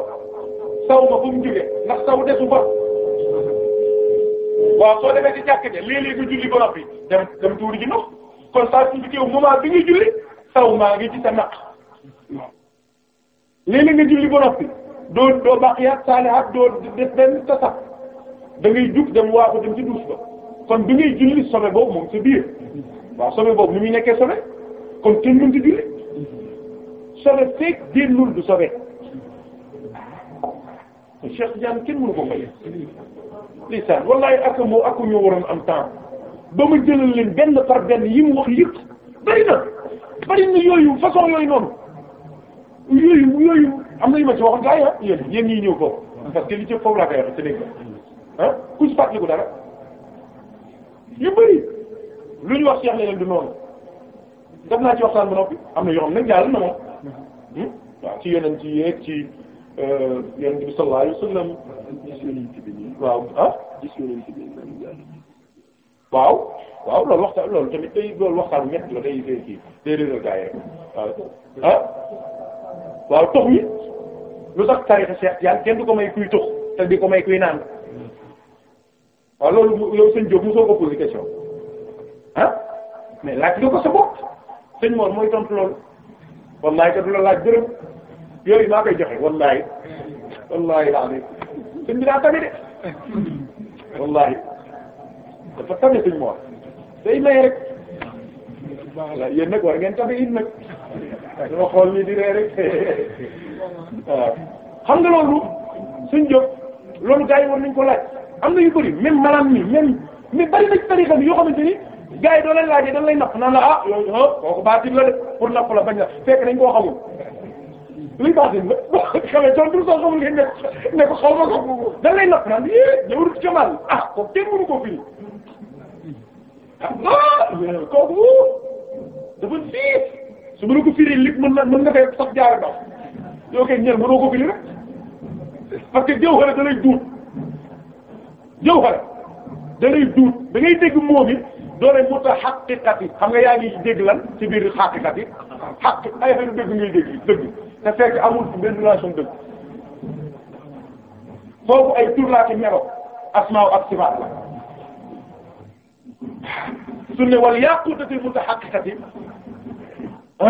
saw ma fu mu ndax saw desu fa waaw soo demee ci jàkka ja léeg-léeg nga julli ba noppi dem dem tuuri ji ndox kon saa suñu kii moment bi nga julli saw maa ngi ci sa naq léeg-léeg nga julli ba noppi. doo doo baqiyaat saalihaat doo def benn tasab da ngay jug dem waaxu dem ci duus ba kon bi ngay julli sobe boobu moom sa biir waa sobe boobu ni muy nekkee sobe kon kenn mënut a julli sobe feeg génnul du sobe Cheikh Diagne kenn mënu ko fay lisaan wallahi ak moo ak ñoo waroon am temps ba ma jëlal leen benn par benn yi mu wax yëpp bari na yooyu façon yooyu noonu yooyu yooyu am na yu ma ci waxoon gars yi ah yéen yéen ñii li ci foofu laa koy waxee ci dégg ah ku ci fàttaliku yu bëri lu ñu wax Cheikh leneen du noonu def naa ci waxtaan ba am na yoo xam na moom hmm? waaw ci yeneen ci yeeg euh, ci yeneen bi sallallahu alayhi wasallam waaw ah waaw waaw loolu waxtaan loolu tamit day loolu waxtaan ñett la day day kii day réeral gars yi rek waaw ah? waaw tux mi lu tax tarixa Cheikh Tidiane kenn du ko may kuy tux te di ko may kuy naan waaw loolu yow sëñ Diop mosoo ko posé question ah mais laaj nga ko sa bopp sëñ Mor mooy tontu loolu wallaay la laaj dërëm yooyu maa koy joxe wallaay wallaay laa ne sëñ bi daa tame de wallaay dafa tame sëñ Mor nga xool ñi di ree rek waaw xam nga loolu suñ jóg loolu gars yi war nañ ko laaj am na yu bëri même malam mi même mais bari na ci tarixa bi yoo xamante ni gars yi doo leen laajee dañ lay na naan la ah yooyu ah kooku baatin la de pour napp la bañ la fekk nañ koo xamul luy baatin la boo xamee tontu soo xamul ngeen ne ko xaw ma ko dañ lay napp naan ah kooku kenn mënu koo firi ah, su mën a ko firi lig mën na mën nga fay sax jaare ndaw yoo koy parce que jawhara da lay da lay duut da ngay dégg moom it doole mutahaqiqati xam nga yaa ngi dégg lan ci biir haqiqati xaq ay xëy dëgg ngay dégg dëgg te fekk amul benn relation dëgg ay tur laa ci melo asmaaw ak sifaat la su ne wal yaqutatil mutahaqiqati ah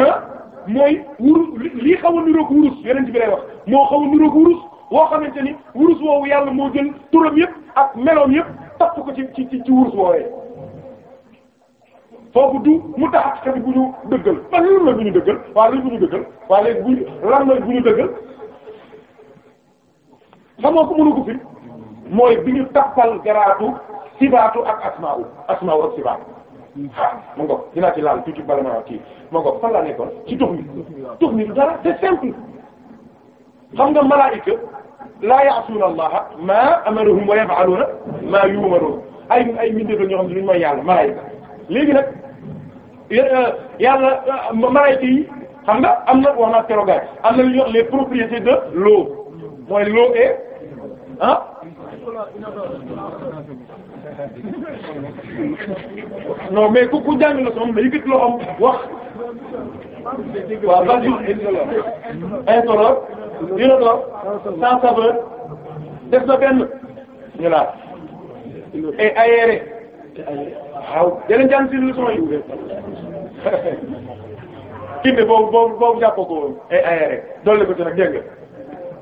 mooy wuru lii xaw a niroog wurus yeneen ci wax moo xaw a niroog wurus woo xamante ni wurus woowu yàlla moo jël turam yépp ak meloom yëpp tapp ko ci ci ci wurus woowee foofu du mu tax tamit bu ñu dëggal man lan la bu ñu dëggal waaw léegi bu ñu dëggal xamoo ko mënu ko mooy bi ñu tappal garaatu sibaatu ak asmaaw asmaaw ak sibaatu ma ngoog dinaa ci laal tuuti bala maa kii ma ngoog fan laa nekkoon ci tux mi tux mi du dara c'est simple xam nga malaayika laa ya'suuna allaha maa amarahum wa yaf'aluuna maa yu'maruun ay ay mbindeef la ñoo xam ne duñ mooy yàlla euh, euh, yi xam nga am na wax naa keroog na lu les propriétés de l'eau mooy l'eau et ah non mais ku ku jàng la soxam mais yëkkati loo xam wax. waaw basi. incolore. inodore. sans saveur. def na benn. ñu laal. et aéré. waaw jërë si leçon yi. kii bi boobu boobu boobu jàppoo ko ko ci nag dégg nga.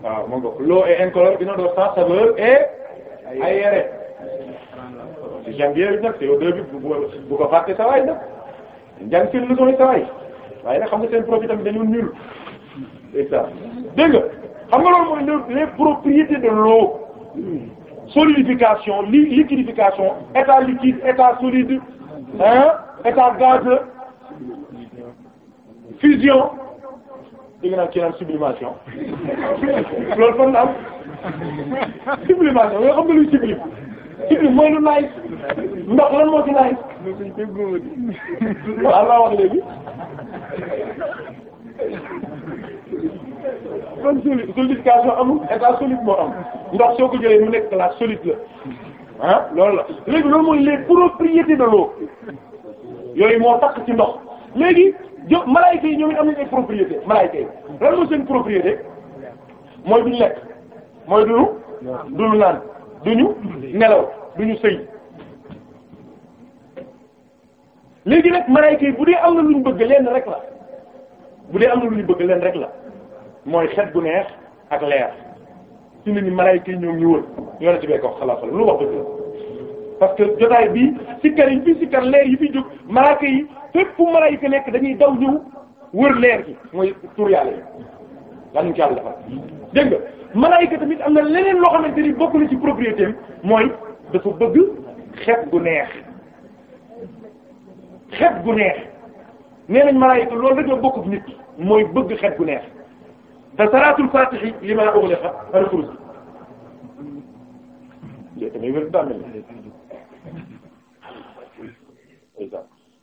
waaw moo ngi ko l'eau est incolore inodore ay yére jàng yére bi nag te yow doo jub bu ko fàtte sa waay nag jàng seen leçon sa waay waaye nag xam nga seen prof yi tamit dañoo nul exact dégg nga xam nga loolu mooy les propriétés de l'eau solidification li liquidification état liquide état solide hein état gaz fusion dégg naa ci naan sublimation loolu fan la am sublimation yoo xam nga luy sublim sublim mooy lu ndox lan moo ci naay waaw laa wax léegi kon soli solidification amul état solide moo am ndox soo ko jëlee mu la solide ah loolu la léegi loolu mooy les propriétés de l'eau yooyu moo takk ci ndox léegi jo malaayka yi ñoom it am lan mooy seen mooy duñ lekk mooy duñu duñu naan duñu nelaw duñu sëy léegi nag malayka yi bu dee am na lu ñu bëgg leen rek la bu dee am na lu ñu bëgg leen rek la mooy xet gu neex ak leer ci nit ñi malayka yi ñoom ñu wër yonent bi ko xalaat lu wax dëgg parce que jotaay bi sikkar yi fi sikkar leer yi fi jóg malayka yi fépp fu malayka nekk dañuy daw ñëw wër leer gi mooy tur yàlla yi dañu ci yàlla defal dégg malaayika tamit am na leneen loo xamante ni bokk na ci propriété am mooy dafa bëgg xet gu neex xet gu neex nee nañ malaayika loolu rek la bokkub mooy bëgg xet gu neex da salaatul faatihi li maa ughliqa al-khuruj damay wér damel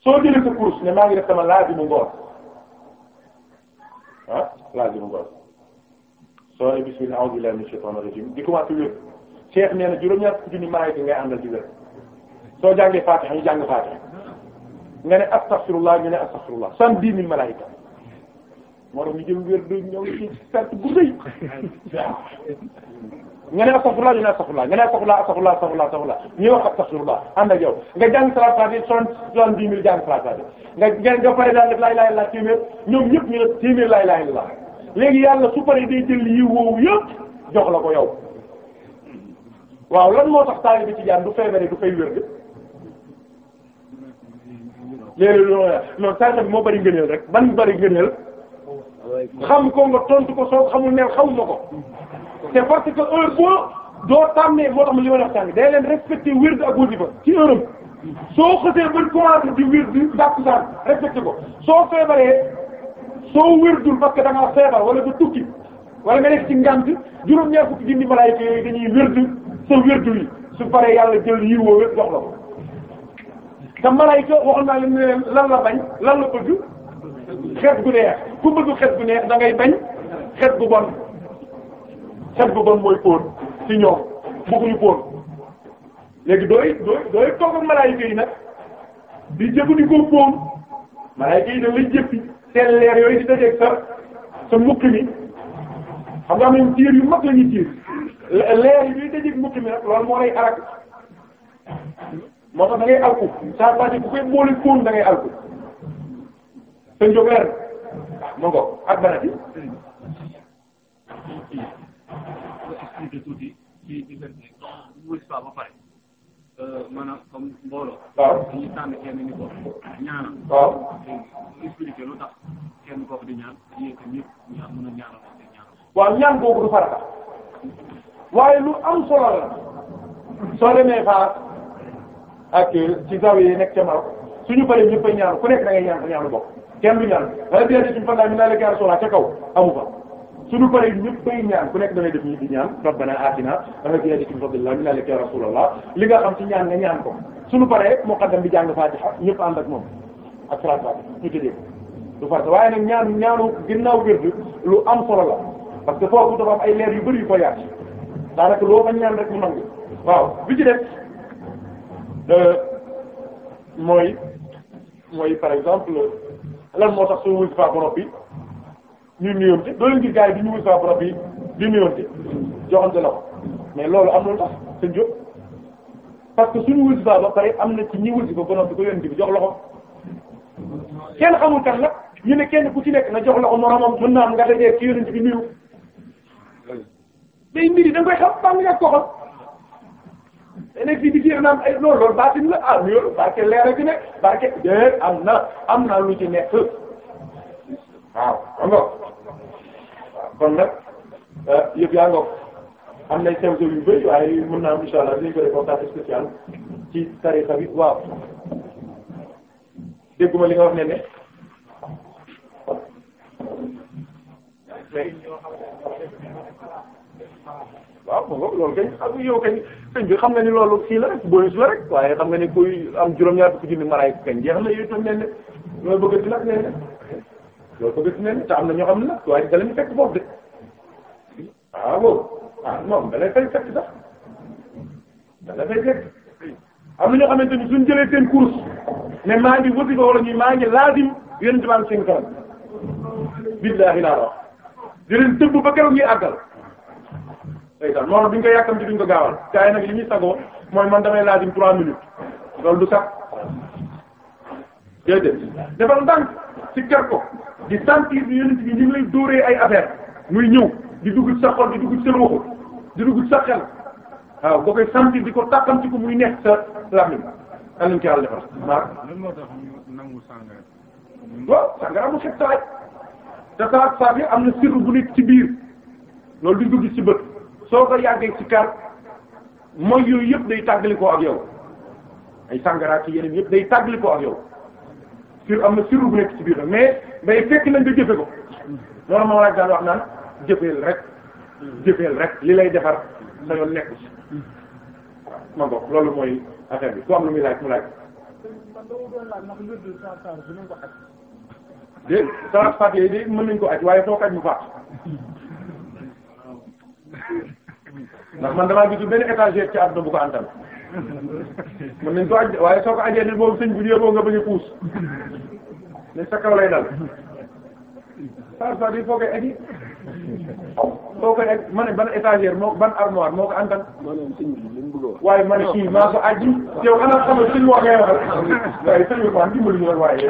soo jëlee kurus ne maa ngi def sama laazimu ngoor ah laazimu ngoor sooy bismillah a'udhu billahi minash shaitanir rajim di commencé wér cheikh nee na juróom-ñaar fukki junni malaaka ngay àndal di wér soo jàngee fatiha ñu jàng fatiha nga ne astaghfirullah ñu ne astaghfirullah cent dix mille malaaka moo tax ñu jël wér du ñëw ci perte bu rëy nga ne astaghfirullah ñu ne astaghfirullah nga ne astaghfirullah astaghfirullah astaghfirullah astaghfirullah ñuy wax astaghfirullah ànd ak yow nga jàng salaat fatiha soixante soixante dix mille jàng salaat fatiha nga nga pare daal def laa ilaaha illallaah téeméer ñoom ñëpp ñu ne téeméer laa ilaaha illallaah léegi yàlla su paree day jël yi woowu yëpp jox la ko yow waaw lan moo tax taalibe Tijaan du feebare du fay wér de léeg-léeg non tarixa bi moo bari ngëneel rek ban bari ngëneel xam ko nga tontu ko soo xamul neel xamuma ko c'est parce que heure boo doo tàmmee moo tax ma li ma wax tàng day leen respecté wird ak wasifa ci heure soo xësee ba commencé di wird di bàkku saan respecté ko soo feebaree soo wérdul parce que da ngaa feebar wala nga tukki wala nga nekk ci ngant juróom-ñaar fukki junni malaayika yooyu dañuy wérdu sa wérdu yi su paree yàlla jël yi woo wépp jox la ko te malaayika waxoon naa la bañ lan la bëgg xet gu neex ku bëgg xet gu neex da ngay bañ xet gu bon xet gu bon mooy póon ci ñoom bëgguñu póon léegi dooy dooy dooy toog ak yi nag di jëfandikoo póon malaayika yi dañ lay jëppi seen leer yooyu di dajeeg sa sa mukk mi xam nga am nañ tiir yu mag la ñuy tiir leer yi ñuy dajeeg mukk mi nag loolu moo lay arak moo tax da ngay alku saa bàcc bu ak bana maanaam comme mbooloo. waaw dañuy tànn kenn ni ko ñaanal. waaw expliquer lu tax kenn kooku di ñaan yéen a ñaanal ak ñaanal. waaw ñaan boobu du farata waaye lu am solo la soo demee Fass ak ci zawiya yi nekk ca Maroc suñu bëree ñëpp a ñaan ku nekk da ngay ñaan ñaanu bokk kenn du ñaan wala déedéet suñu fan laa ñu la gàllankoor kaw amu suñu paree ñëpp bay ñaan ku nekk dangay def ñi di ñaan rabbana atina fi yadikum fadlillah min alika ya rasulullah li nga xam ci ñaan nga ñaan ko suñu paree muqaddam bi jàng fatiha ñëpp ànd ak moom ak salaat fatiha ñu tëjee ko du farata waaye nag ñaan ñaanu ginnaaw wird lu am solo la parce que foofu dafa am ay leer yu bëri yu ko yaat daanaka loo fa ñaan rek mu nangu waaw bi ci def euh, mooy par exemple lan moo ñuy nuyoonte doo leen gis gars yi di ñu wut saa borom yi di nuyoonte joxante la ko mais loolu am na lu tax sëñ Diop parce que suñu wut saa ba pare am na ci ñi wut ba borom di ko yónni bi jox loxo kenn xamul kan la ñu ne kenn ku ci nekk na jox loxo moromam mën naa am nga dajee ci yónni bi nuyu. day mbiri da nga koy xam baax nga ko xool da nekk fii di fiir naan ay eh, loolu loolu baatin la ah nuyoon barke leer a ci nekk barke déet am na am na lu ci nekk. waaw xam nga kon nag euh, yëpp yaa ngoog am nay sew sew yu bëri waaye mën naa am incha allah dinañ ko def waxtaan spécial ci tarixa bi waaw dégguma li nga wax ne ne. waaw ma nga loolu kay xam nga yow kay bi xam nga ni loolu sii la rek bonus la rek waaye xam nga ni kuy am juróom-ñaar fukki junni maraay kañ jeex na yow itam nee na loolu bëgg di la nee loolu ko gis nañ am na ñoo xam ne nag waaye dalañu fekk foofu de ah, waaw ah non dalay fay fekk sax dalay fay fekk am na ñoo xamante ni suñ jëlee seen course mais maa ngi wëti ko wala ñuy maa ngi laazim yéen damaa am seen kanam billahi laa wax di leen tëbb ba keroog ñuy àggal. day tax noonu duñ ko yàkkam ci duñ ko gaawal gars yi nag sa ñuy sagoo mooy man damay laazim trois minutes loolu du sax déedéet defal ci jar ko di sentir ni yonent bi ñu lay dóoree ay affaire muy ñëw di dugg sa xol di dugg sa loxo di dugg sa xel waaw boo koy sentir di ko tàqam ci ko muy nekk sa làmmiñ alañ ci yàlla defal maar lan moo waaw sàngara mu xet saay te saa saa bi am na sirru bu nekk ci biir loolu duñ ko gis ci bët soo ko yàggee ci kar mooy yëpp day tàggali ko ak yow ay sàngara ci yeneen yëpp day tàggali ko ak yow sur am na sirru bu nekk ci biir mais day fekk nañ nga jëfe ko loolu moom laaj daal wax naan jëfeel rek jëfeel rek li lay defar sa yoon nekku ci waaw ma loolu mooy affaire bi ku am lu muy laaj mu laaj dé salat faat de mën nañ ko aj waaye soo ko mu faat man damaa gisul benn étagère ci àdduna bu ko antal mën nañ ko waaye soo ko ajee nit boobu sëñ bi yóbboo nga bañ a ne sa kaw lay dal sar sar yi foo koy aji soo koy aj ma ne ban étagère moo ban armoire moo antan waaye ma ne kii aji yow xanaa xamal sëñ waa ngay waxal waaye sëñ bi maa dimbali ñu waaye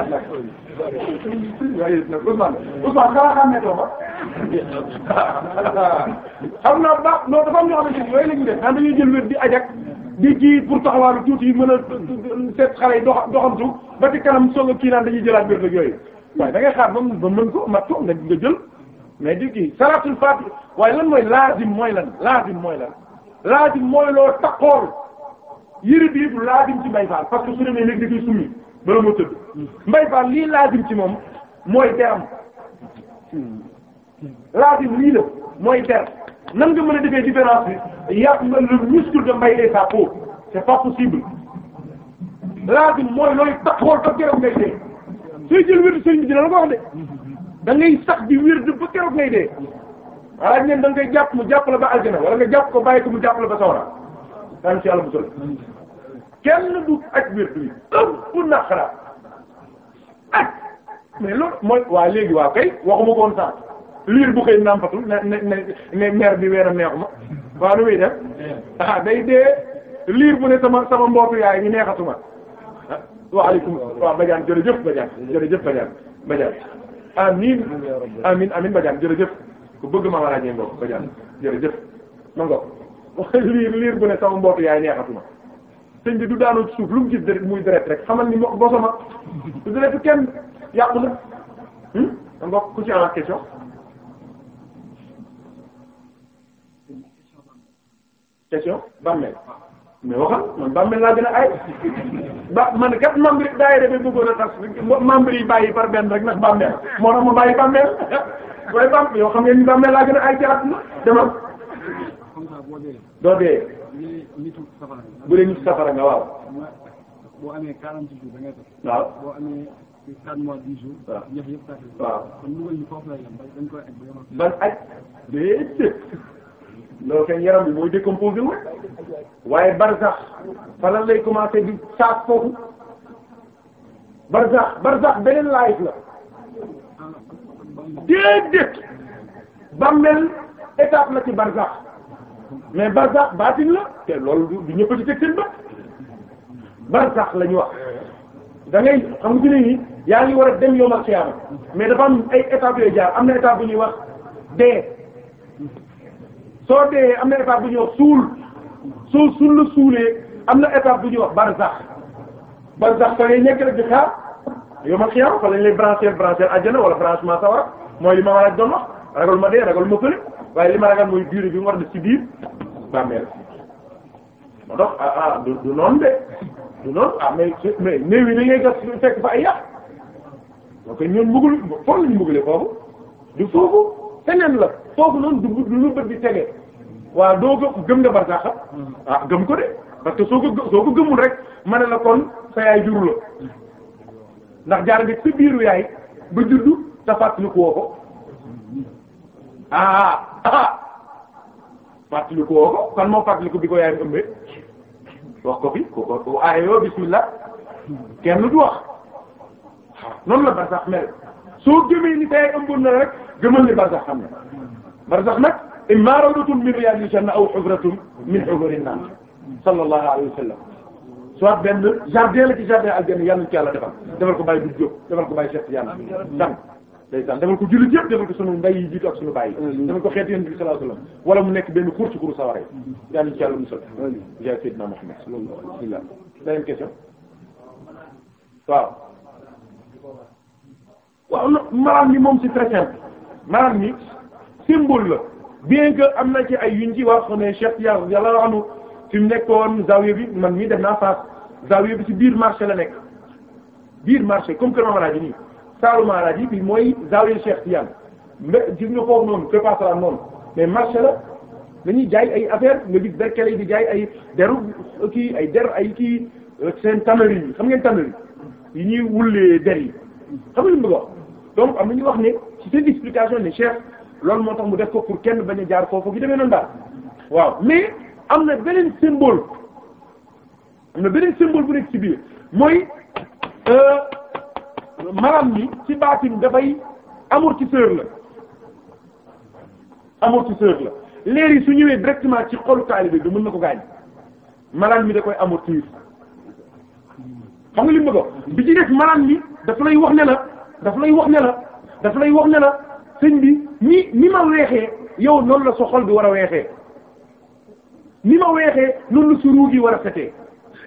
waaye nag Ousmane Ousmane xanaa xam ne ma xam naa baax non dafa am ñoo xamante ni yooyu la ñuy def daan dañuy jël wér di ajak di kii pour taxawaaru tuuti mën a seet xale yi doxam doxantu ba ci kanam soog a kii naan dañuy jëlaat wér yooyu waaye da ngay xaar ba mu ba mën ko mat ko nga nga jël mais di kii salatul fati waaye lan mooy laazim mooy lan laazim mooy lan laazim mooy loo taxool yëre bi yëpp laazim ci bay faal parce su demee léegi da koy summi bala moo tëdd hmm. mbay faal lii laasim ci moom mooy teram laasim lii la mooy ter nan nga mën a defee différence bi yàpp nga le muscle mbay et sa peau c'est pas possible laasim mooy looy tax xool ba keroog ngay dee sooy jël wér sëriñ bi dina la ko wax de da ngay sax di wér ba keroog ngay dee alaaj neen da koy jàpp mu jàpp la ba aljana wala nga jàpp ko bàyyi ko mu jàpp la ba sawra daan ci yàlla kenn du ak biir bi ëpp naqara ak mais loolu mooy waa léegi waa kay waxuma ko woon sax liir bu koy nàmpatul ne ne ne bi weeram neexuma waa nu muy def ah day dee liir bu ne sama sama mbootu yaay ñu neexatuma waaleykum waaw Badiane jërëjëf Badiane jërëjëf Badiane Badiane amiin amiin amiin jërëjëf ku bëgg ma war a jëndoo Badiane jërëjëf ma ngoog liir liir bu ne sama mbootu yaay neexatuma sëñ bi du daanoo ci suuf lu mu gis deret muy deret rek xamal ni mo bosoma deret kenn yàqu na da hmm? nga ku ci en question question bàmmeel mais waxal man bàmmeel laa gën a ay ba man kat membre yi daayira bi bëggoon a tas membre yi par benn rek ndax bàmmeel moo tax ma bàyyi bàmmeel waaye bàmm yoo xam ngeen ni bàmmeel laa gën a ay ci àdduna demal dee bu dee nitu safara nga waaw. boo amee 40 jours da ngay def. waaw boo amee 4 mois ban aj déedéet loolu kay yaram bi mooy décomposé wu waaye barzax falan lay commencé di saas foofu barzax barzax beneen laayif la déedéet bammel étape la ci barzax mais barsax baatin la te loolu du ñëpp ci teg la ñu wax da xam nga ni yaa ngi war a dem yoomal xiyaama mais dafa am ay étapes yooyu am na étape bu ñuy wax dee soo dee am na étape bu ñuy wax suul soo suul la suulee am na étape bu ñuy wax barsax barsax fa ngay nekk rek di xaar yoomal xiyaama fa lañ lay brancher brancher àjjana wala branchement sawara mooy li war a doon wax ragal ma dee ragal ma fële waaye li ma ragal mooy durée bi mu war a ci biir bàmmeel moo tax ah, ah, du noonu de du noonu ah mais mais néew yi dañuy gas fekk fa ay yàq donc ñun mbugul foofu lañu mbugalee foofu du foofu feneen la foofu noonu du du bët di tege waaw doo ko gëm nga barsax ah, gëm ko de parce que soo ko soo ko gëmul rek ma ne la kon sa yaay juru la ndax jaar nga sa biiru yaay ba juddu te fàttaliku woo ko ah ah. fàttaliku woo ko kan moo fàttaliku bi ko yaay ëmbee wax ko fi ku ko aaye yoo bismillah kenn du wax noonu la barsax mel soo gëmee ni tey ëmboon na rek gëmal ni barsax xam ne barsax nag imma rawdatun min riyadil janna aw hufratun min hufarin nar sallallahu alayhi wa sallam soit benn jardin la ci jardin aljanna yàlla ci yàlla defal defal ko bàyyi du jóg defal ko bàyyi set yàlla dan ndeysaan defal ko ko sunu ndey yi jiitu ak sunu baay yi defal ko xeet yonent bi sallallahu alayhi wala mu nekk benn xur ci xuru sawara yi yàlla ci yàlla musal ja sayyidina Muhammad bismillah beneen question waaw waaw maanaam ni moom c'est très simple maanaam ni symbole la bien que am na ci ay yuñ ci wax ne yàlla fi mu nekkoon zawiya bi man mii def naa faas zawiya bi ci biir marché la nekk biir marché comme kër Mamadou nii saalu maaraji bi mooy zawiya Cheikh Tidiane mais gis nga foofu noonu prépa salam noonu mais marché la dañuy jaay ay affaire nga gis berkele yi di jaay ay deru kii ay der ay kii euh, seen tannerie yi xam ngeen tannerie yi ñuy wullee der yi xam nga lu mu bëgg donc am na ñu wax ne ci seen explication ne Cheikh loolu moo tax mu def ko pour kenn bañ a jaar foofu gi demee noonu daal waaw mais am na beneen symbole am na beneen symbole bu nekk ci biir mooy euh, malaam bi ci baatin dafay amortisseur la amortisseur la leer yi su ñëwee directement ci xolu taalibe bi mën na ko gaañ malaan mi da koy amortir xam nga li mu bëgg bi ci def malaan mi daf lay wax ne la daf lay wax ne la daf lay wax ne la sëñ bi ni ni ma weexee yow noonu la soo xol bi war a weexee ni ma weexee noonu la sa ruu gi war a setee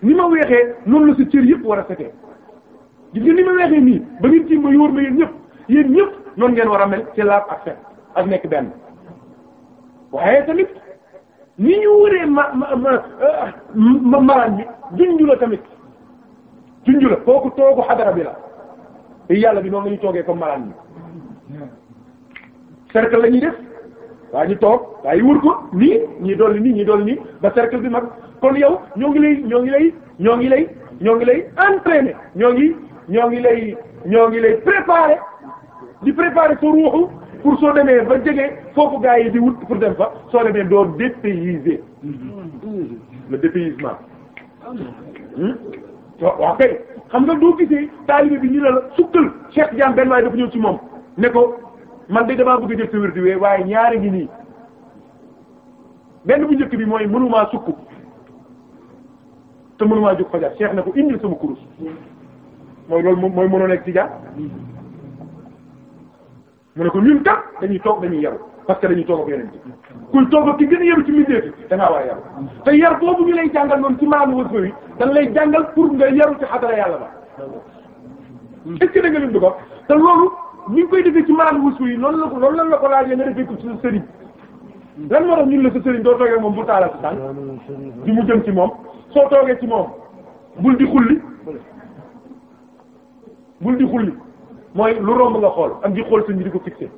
ni ma weexee noonu la sa cër yëpp war a setee gis nga ni ma weexee nii ba ngeen ci ma yóor ma yéen ñëpp yéen ñëpp noonu ngeen war a mel ci laab ak set ak nekk ben waaye tamit ni ñu wëree ma ma ma maraan bi junju la tamit junju la kooku toogu xadara bi la yàlla bi noonu la ñu toogee comme maraan bi cercle la ñuy def waaye ñu toog waaye wër ko nii ñii dolli nii ñii dolli nii ba cercle bi mag kon yow ñoo ngi lay ñoo ngi lay ñoo ngi lay ñoo ngi lay entraîner ñoo ngi lay ñoo ngi lay préparer di préparer sa ruuxu pour soo demee ba jege foofu gaa yi di wut pour dem fa soo demee doo dépayser le dépaysement hmm? waaw kay xam nga doo gisee taalibe bi ñu ne la sukkal Cheikh Diagne benn waaye dafa ñëw ci moom ne ko man de damaa bëgg a jël sa wérdi waaye ñaari ngi nii benn bu njëkk bi mooy mënumaa sukk te mënumaa jóg fajar Cheikh ne ko indil sama kurus mooy loolu moom mooy mënoo nekk tijaan mu ne ko ñun kat dañuy toog dañuy yaru parce que dañuy toog ak yeneen bi kuy toog ak ki gën a ci mbindeef da ngaa war a yaru te yar boobu ñu lay jàngal noonu ci maanu wërsëg wi dañ lay jàngal pour nga yaru ci xadara yàlla ba est-ce que da nga dund te loolu ni nga koy defee ci maanu wërsëg yi noonu la loolu lan la ko laajee nga defee ko ci sëriñ lan moo tax ñun la sa sëriñ doo toogee moom bu taalal si tànk di mu jëm ci moom soo toogee ci moom bul di xulli bul di xulli mooy lu romb nga xool ak di xool sëñ bi di ko fixé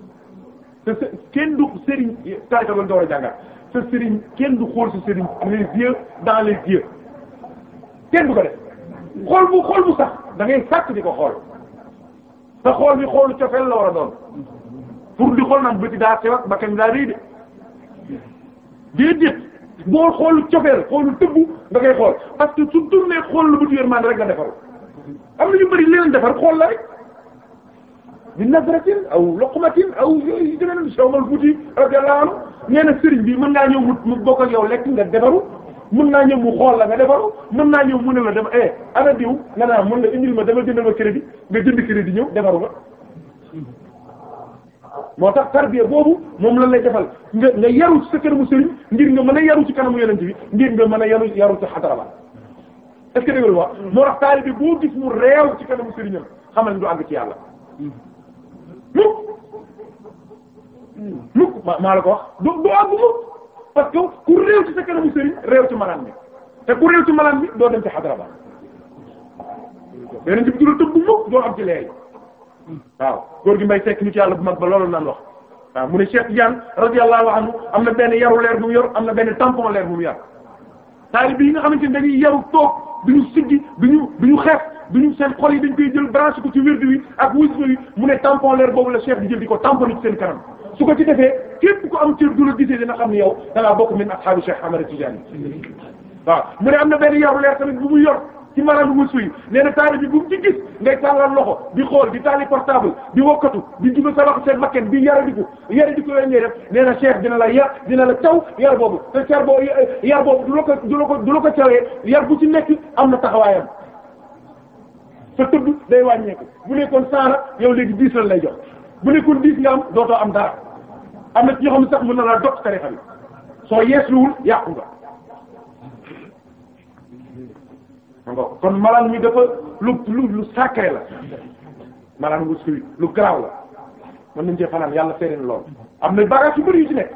te kenn du sëriñ tarika loolu da a jàngal sa sëriñ kenn du xool sa sëriñ les yeux dans les kenn du ko def xool bu xool bu sax da ngay di ko xool te xool bi xoolu cofeel la war a doon pour di xool naan bëti daa sewat ba kenn daa rëy de déedéet boo xoolu cofeel xoolu bu da ngay xool parce que su tourné xool lu bët yërmande rek nga defaru am na ñu bëri leneen defar xool la rek bi nasratin aw loqmatin aw yooyu demee somal fuuti radiyallahu anhu nee na sëriñ bi mën naa ñëw mu mu bokk ak lekk nga defaru mën naa ñëw mu xool la nga defaru mën naa ñëw mu ne la dama eh ana diw nga naa ah, mën la indil ma dama jëndal ma bi nga jënd bi ñëw defaru nga moo tax tarbiya boobu moom lan lay defal nga nga yaru ci sa kër mu sëriñ ngir nga mën a yaru ci kanamu yonent bi ngir nga mën a yaru yaru ci xatara ba la wax moo tax taalibe boo gis mu réew ci kanamu sëriñam xamal ni du àgg ci yàlla mukk mukk ma maa la ko wax du du àgg mukk ku réew ci sa kanamu sëriñ réew ci malaan bi te ku réew ci malaan bi doo dem ci xadra ba beneen bi du la tëbb mukk doo ci leer waaw gi mbay fekk nit yàlla bu mag ba loolu naan wax waaw mu ne Cheikh Tidiane am na benn yaru leer bu mu yor am na benn tampon leer bu mu yar taalibe nga xamante ni dañuy yaru toog duñu siggi duñu duñu xeex duñu seen xol yi dañ koy jël branche ko ci wirdu wi ak wisdo yi mu ne tampon leer boobu la cheikh di jël di ko tamponné ci seen kanam su ko ci defee képp ku am cër du la gisee dina xam ne yow da bokk min ashaabu cheikh Ahmad Tidiane waaw mu ne am na benn yaru leer tamit bu mu yor ci marabu musu yi nee na taali bi bu mu ci gis ngay tàllal loxo di xool di taali portable di wokkatu di dugal sa loxo seen makken di yara diku yara diku yooyu ngay def nee na dina la yar dina la taw yar boobu te cher boobu yar boobu du la ko du la ko du la ko cawee yar bu ci nekk am na taxawaayam sa tudd day wàññeeku bu nekkoon saara yow léegi diis lan lay jox bu nekkoon diis nga am dootoo am dara am na ci ñoo sax mën na laa dog tarixa bi soo yeesluwul yàqu nga ngoo kon malaan mi dafa lu lu lu sacré la malaan gu lu garaaw la mën nañ cee fanaan yàlla feereen lool am na bagage yu bëri yu ci nekk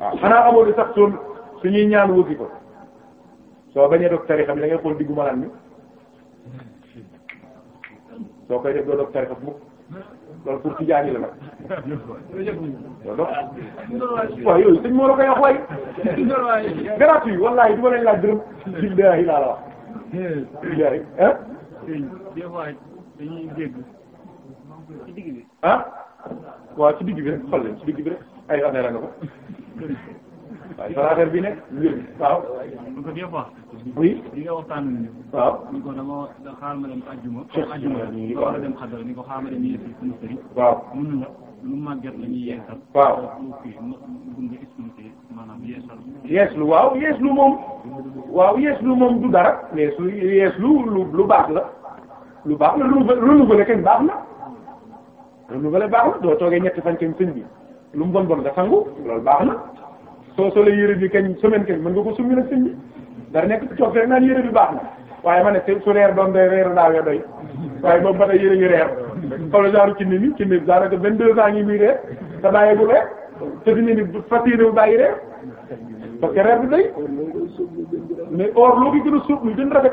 waaw xanaa amoo di sax soon suñuy ñaan wëggi ko soo bañee dog tarixa bi da ngay xool diggu malaan mi soo koy def doo dog tarixa mukk loolu pour tijaani la nag waaw yooyu sëñ moo la koy wax waay wallahi du ma leen laaj dërëm billahi la wax ah. des fois dañuy dégg ci digg bi. ah waaw ci digg bi rek xolle ci digg bi rek ay affaire a nga ko waaye sa affaire bi ni ko dama xaaral ma dem àjjuma. àjjuma nga war a lu màgget la ñuy yeesal. waaw yeeslu waaw yeeslu moom. waaw lu moom du dara yeeslu yeeslu lu lu baax la. lu baax la renouveler kañ baax na renouveler baax na doo toogee ñetti fan kañ sëñ bi lu mu bon bon nga sangu loolu baax na soo solee yére bi kañ semaine kañ mën nga ko summi nag sëñ bi dara nekk toog naan yére bi baax na waaye ma ne su reer doon doy reeru daaw ya doy waaye ba tey yére yi reer xoolal genre ci nit ñi ci nit daanaka vingt deux ans ngi muy reer te bàyyeeku reer te fi mu ne nii fas yéene bu bàyyi reer parce que reer bi day mais or loo ko gën a suuf lu gën rafet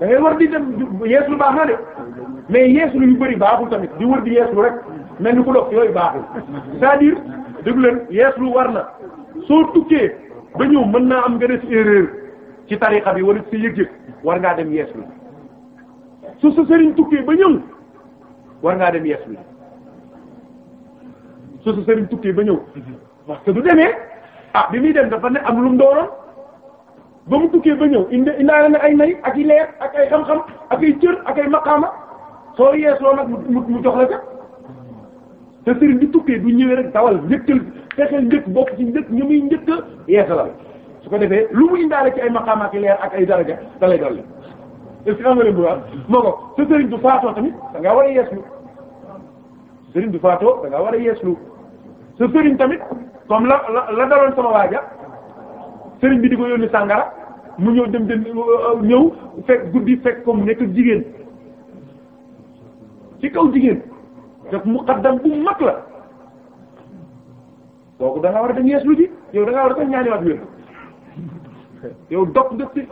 da ngay war di dem yees lu baax na de mais yees lu yu bëri baaxul tamit di wër di yees rek mel ni ku dox yooyu baaxul c'est-à-dire déglu leen yees lu war na soo tukkee ba ñëw mën naa am nga def erreur ci tarixa bi wala ci yëg-yëg war ngaa dem yees lu su sa sëriñ tukkee ba ñëw. war ngaa dem yees lu ji su sëriñ tukkee ba ñëw parce du demee ah bi muy dem dafa ne am lu mu dooroon ba mu tukkee ba ñëw indi indaale na ay nay ak i leer ak ay xam-xam ak ay cër ak ay maqaama soo yeesoo nag mu mu jox la ca te sëriñ bi tukkee du ñëwee rek dawal njëkkal fexeel njëkk bokk ci njëkk ñu muy njëkk la su ko defee lu mu indaale ci ay maqaama ak i leer ak ay daraja da lay dolli est-ce que bu baax moo ko sa sëriñ du faatoo tamit da war a yeeslu sa sëriñ du faatoo da ngaa war a yeeslu sa sëriñ tamit comme la la la daloon sama waaja sëriñ bi di ko yónni sàngara mu ñëw dem dem ñëw fekk guddi fekk comme nekk jigéen ci kaw jigéen daf muqaddam bu mag la kooku da ngaa war a dem yeeslu ji yow da ngaa war a dem ñaaniwaat wér yow dog nga ci